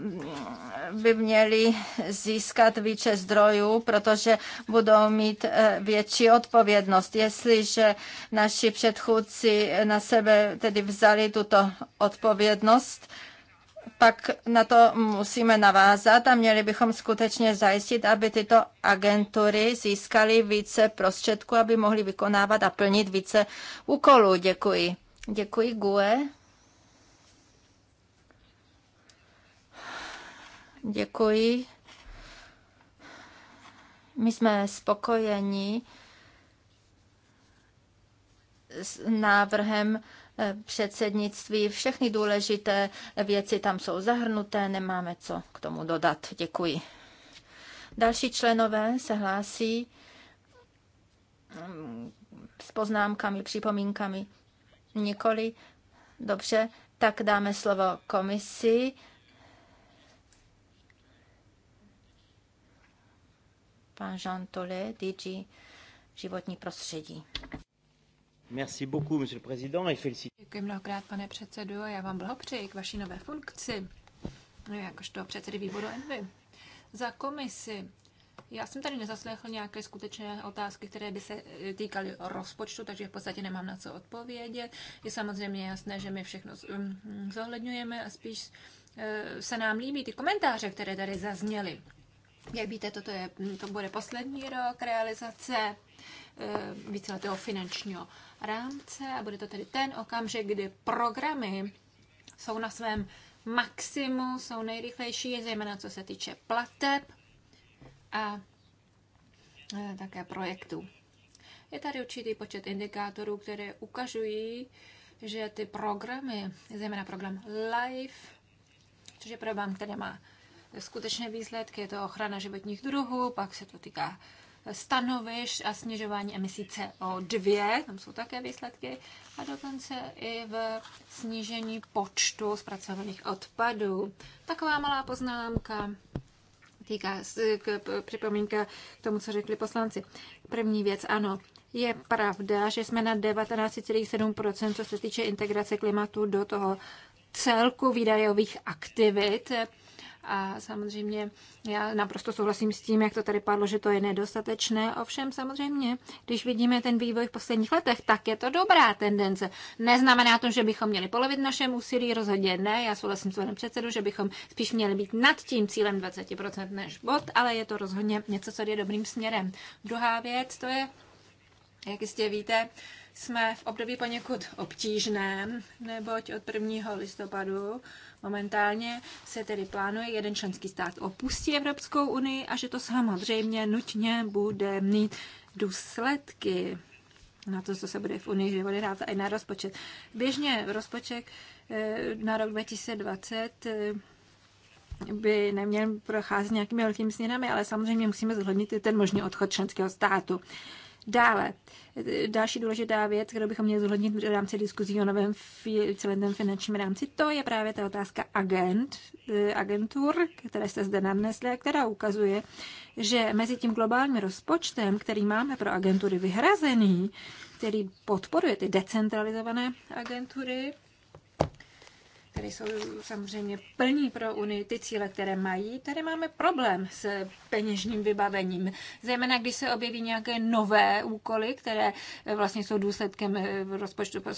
by měli získat více zdrojů, protože budou mít eh, větší odpovědnost. Jestliže naši předchůdci na sebe tedy vzali tuto odpovědnost, pak na to musíme navázat a měli bychom skutečně zajistit, aby tyto agentury získaly více prostředků, aby mohly vykonávat a plnit více úkolů. Děkuji. Děkuji, Gue. Děkuji. My jsme spokojeni s návrhem eh, předsednictví. Všechny důležité věci tam jsou zahrnuté, nemáme co k tomu dodat. Děkuji. Další členové se hlásí mm, s poznámkami, připomínkami. Nikoli. Dobře, tak dáme slovo komisi pan Jean Tole, DG životní prostředí. Merci beaucoup, monsieur le président, et félicit. Děkuji mnohokrát, pane předsedu, a já vám blahopřeji k vaší nové funkci, no, jakožto předsedy výboru Envy. Za komisi já jsem tady nezaslechl nějaké skutečné otázky, které by se týkaly rozpočtu, takže v podstatě nemám na co odpovědět. Je samozřejmě jasné, že my všechno mm, zohledňujeme a spíš eh, se nám líbí ty komentáře, které tady zazněly. Jak víte, toto je, mm, to bude poslední rok realizace eh, víceletého finančního rámce a bude to tedy ten okamžik, kdy programy jsou na svém maximu, jsou nejrychlejší, zejména co se týče plateb a eh, také projektů. Je tady určitý počet indikátorů, které ukazují, že ty programy, zejména program LIFE, což je program, který má skutečné výsledky, je to ochrana životních druhů, pak se to týká stanoviš a snižování emisí CO2, tam jsou také výsledky, a dokonce i v snížení počtu zpracovaných odpadů. Taková malá poznámka týká připomínka k tomu, co řekli poslanci. První věc, ano, je pravda, že jsme na 19,7%, co se týče integrace klimatu do toho celku výdajových aktivit. A samozřejmě já naprosto souhlasím s tím, jak to tady padlo, že to je nedostatečné. Ovšem samozřejmě, když vidíme ten vývoj v posledních letech, tak je to dobrá tendence. Neznamená to, že bychom měli polovit našem úsilí, rozhodně ne. Já souhlasím s panem předsedu, že bychom spíš měli být nad tím cílem 20% než bod, ale je to rozhodně něco, co je dobrým směrem. Druhá věc, to je, jak jistě víte, jsme v období poněkud obtížném, neboť od 1. listopadu momentálně se tedy plánuje jeden členský stát opustí Evropskou unii a že to samozřejmě nutně bude mít důsledky na to, co se bude v Unii odehrát a i na rozpočet. Běžně rozpočet eh, na rok 2020 eh, by neměl procházet nějakými velkými směnami, ale samozřejmě musíme zhodnit i ten možný odchod členského státu. Dále, další důležitá věc, kterou bychom měli zohlednit v rámci diskuzí o novém celém finančním rámci, to je právě ta otázka agent, eh, agentur, které se zde nadnesly, která ukazuje, že mezi tím globálním rozpočtem, který máme pro agentury vyhrazený, který podporuje ty decentralizované agentury, které jsou samozřejmě plní pro Unii ty cíle, které mají, tady máme problém s peněžním vybavením. Zejména, když se objeví nějaké nové úkoly, které eh, vlastně jsou důsledkem eh, rozpočtu pro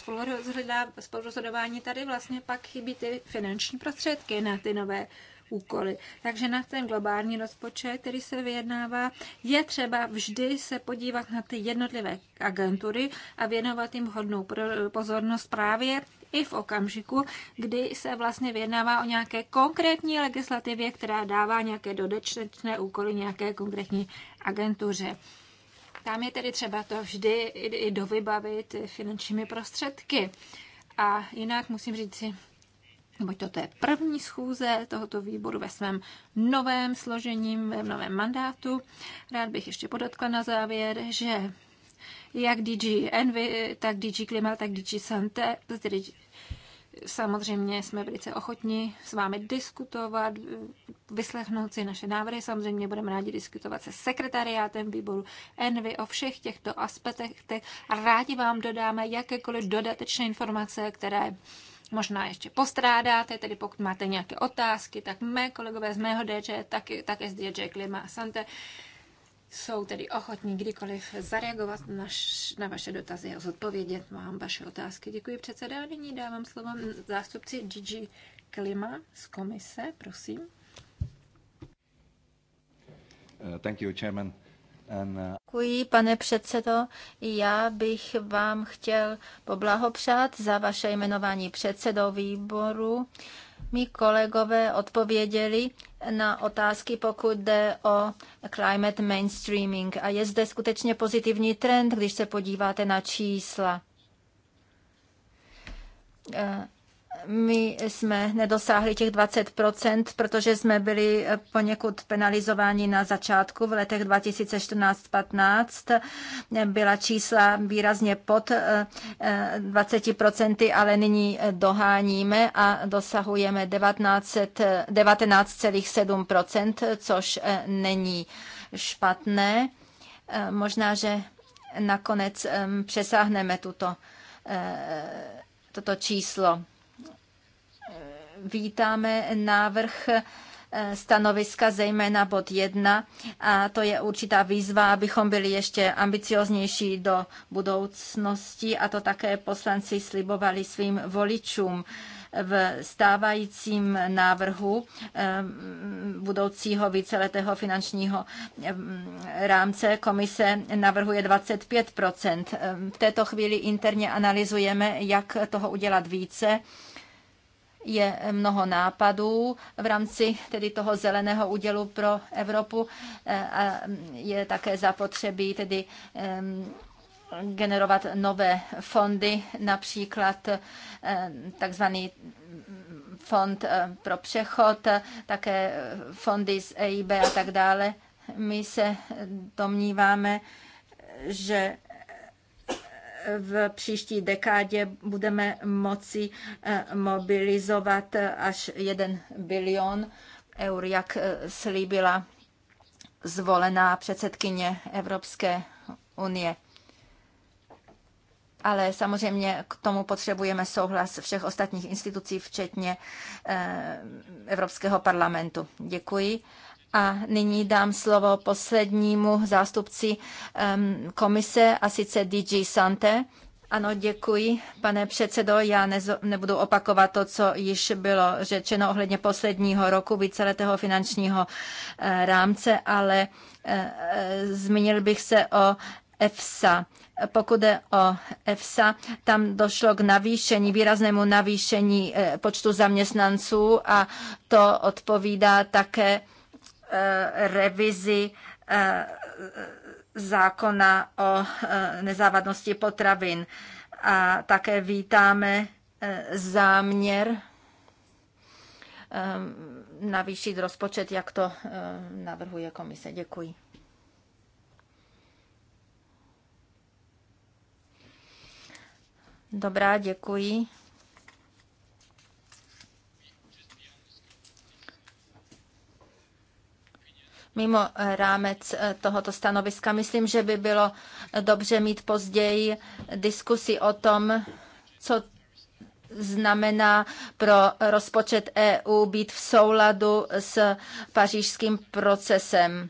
spolurozhodování, tady vlastně pak chybí ty finanční prostředky na ty nové úkoly. Takže na ten globální rozpočet, který se vyjednává, je třeba vždy se podívat na ty jednotlivé agentury a věnovat jim hodnou pozornost právě i v okamžiku, kdy se vlastně vyjednává o nějaké konkrétní legislativě, která dává nějaké dodatečné úkoly nějaké konkrétní agentuře. Tam je tedy třeba to vždy i dovybavit finančními prostředky. A jinak musím říct si, neboť toto je první schůze tohoto výboru ve svém novém složení, v novém mandátu. Rád bych ještě podotkla na závěr, že jak DG Envy, tak DG Klima, tak DG Sante, Samozřejmě jsme velice ochotni s vámi diskutovat, vyslechnout si naše návrhy. Samozřejmě budeme rádi diskutovat se sekretariátem výboru Envy o všech těchto aspektech a rádi vám dodáme jakékoliv dodatečné informace, které možná ještě postrádáte, tedy pokud máte nějaké otázky, tak mé kolegové z mého DJ, taky, také z DJ Klima a Sante, jsou tedy ochotní kdykoliv zareagovat naš, na vaše dotazy a zodpovědět vám vaše otázky. Děkuji předseda. Nyní dávám slovo zástupci Gigi Klima z komise, prosím. Uh, thank you, chairman. And, uh... Děkuji, pane předsedo. Já bych vám chtěl poblahopřát za vaše jmenování předsedou výboru. Uh, Mí kolegové odpověděli na otázky, pokud jde o climate mainstreaming. A je zde skutečně pozitivní trend, když se podíváte na čísla eh, my jsme nedosáhli těch 20%, protože jsme byli poněkud penalizováni na začátku v letech 2014-15. Byla čísla výrazně pod 20%, eh, ale nyní doháníme a dosahujeme 19,7%, což eh, není špatné. Eh, možná, že nakonec přesáhneme tuto, toto číslo vítáme návrh eh, stanoviska, zejména bod 1, a to je určitá výzva, abychom byli ještě ambicioznější do budoucnosti a to také poslanci slibovali svým voličům v stávajícím návrhu eh, budoucího víceletého finančního eh, rámce komise navrhuje 25 V této chvíli interně analyzujeme, jak toho udělat více je mnoho nápadů v rámci tedy toho zeleného údělu pro Evropu e, a je také zapotřebí tedy generovat nové fondy, například e, takzvaný fond e, pro přechod, také fondy z EIB a tak dále. My se domníváme, že v příští dekádě budeme moci eh, mobilizovat eh, až 1 bilion eur, jak eh, slíbila zvolená předsedkyně Evropské unie. Ale samozřejmě k tomu potřebujeme souhlas všech ostatních institucí, včetně Evropského parlamentu. Děkuji. A nyní dám slovo poslednímu zástupci um, komise, a sice DG Sante. Ano, děkuji, pane předsedo. Já nezo, nebudu opakovat to, co již bylo řečeno ohledně posledního roku víceletého finančního uh, rámce, ale uh, zmínil bych se o EFSA. Pokud jde o EFSA, tam došlo k navýšení, výraznému navýšení eh, počtu zaměstnanců a to odpovídá také Eh, revizi eh, zákona o eh, nezávadnosti potravin. A také vítáme záměr navýšit rozpočet, jak to navrhuje komise. Děkuji. Dobrá, děkuji. mimo rámec eh, tohoto stanoviska. Myslím, že by bylo dobře mít později diskusi o tom, co znamená pro rozpočet EU být v souladu s pařížským procesem.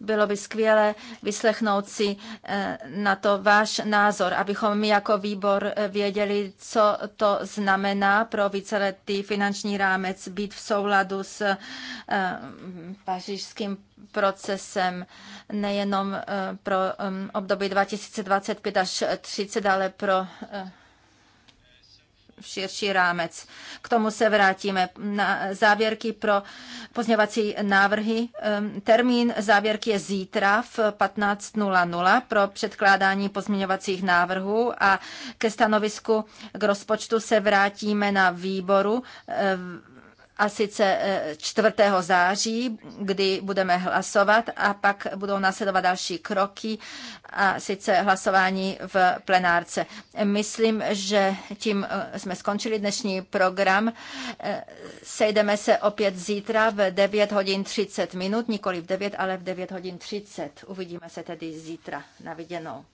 Bylo by skvělé vyslechnout si eh, na to váš názor, abychom my jako výbor eh, věděli, co to znamená pro víceletý finanční rámec být v souladu s eh, pařížským procesem nejenom pro období 2025 až 30, ale pro širší rámec. K tomu se vrátíme. Na závěrky pro pozněvací návrhy. Termín závěrky je zítra v 15.00 pro předkládání pozměňovacích návrhů a ke stanovisku k rozpočtu se vrátíme na výboru a sice 4. E, září, kdy budeme hlasovat a pak budou následovat další kroky a sice hlasování v plenárce. Myslím, že tím e, jsme skončili dnešní program. E, sejdeme se opět zítra v 9 hodin 30 minut, nikoli v 9, ale v 9 hodin 30. Uvidíme se tedy zítra. Na viděnou.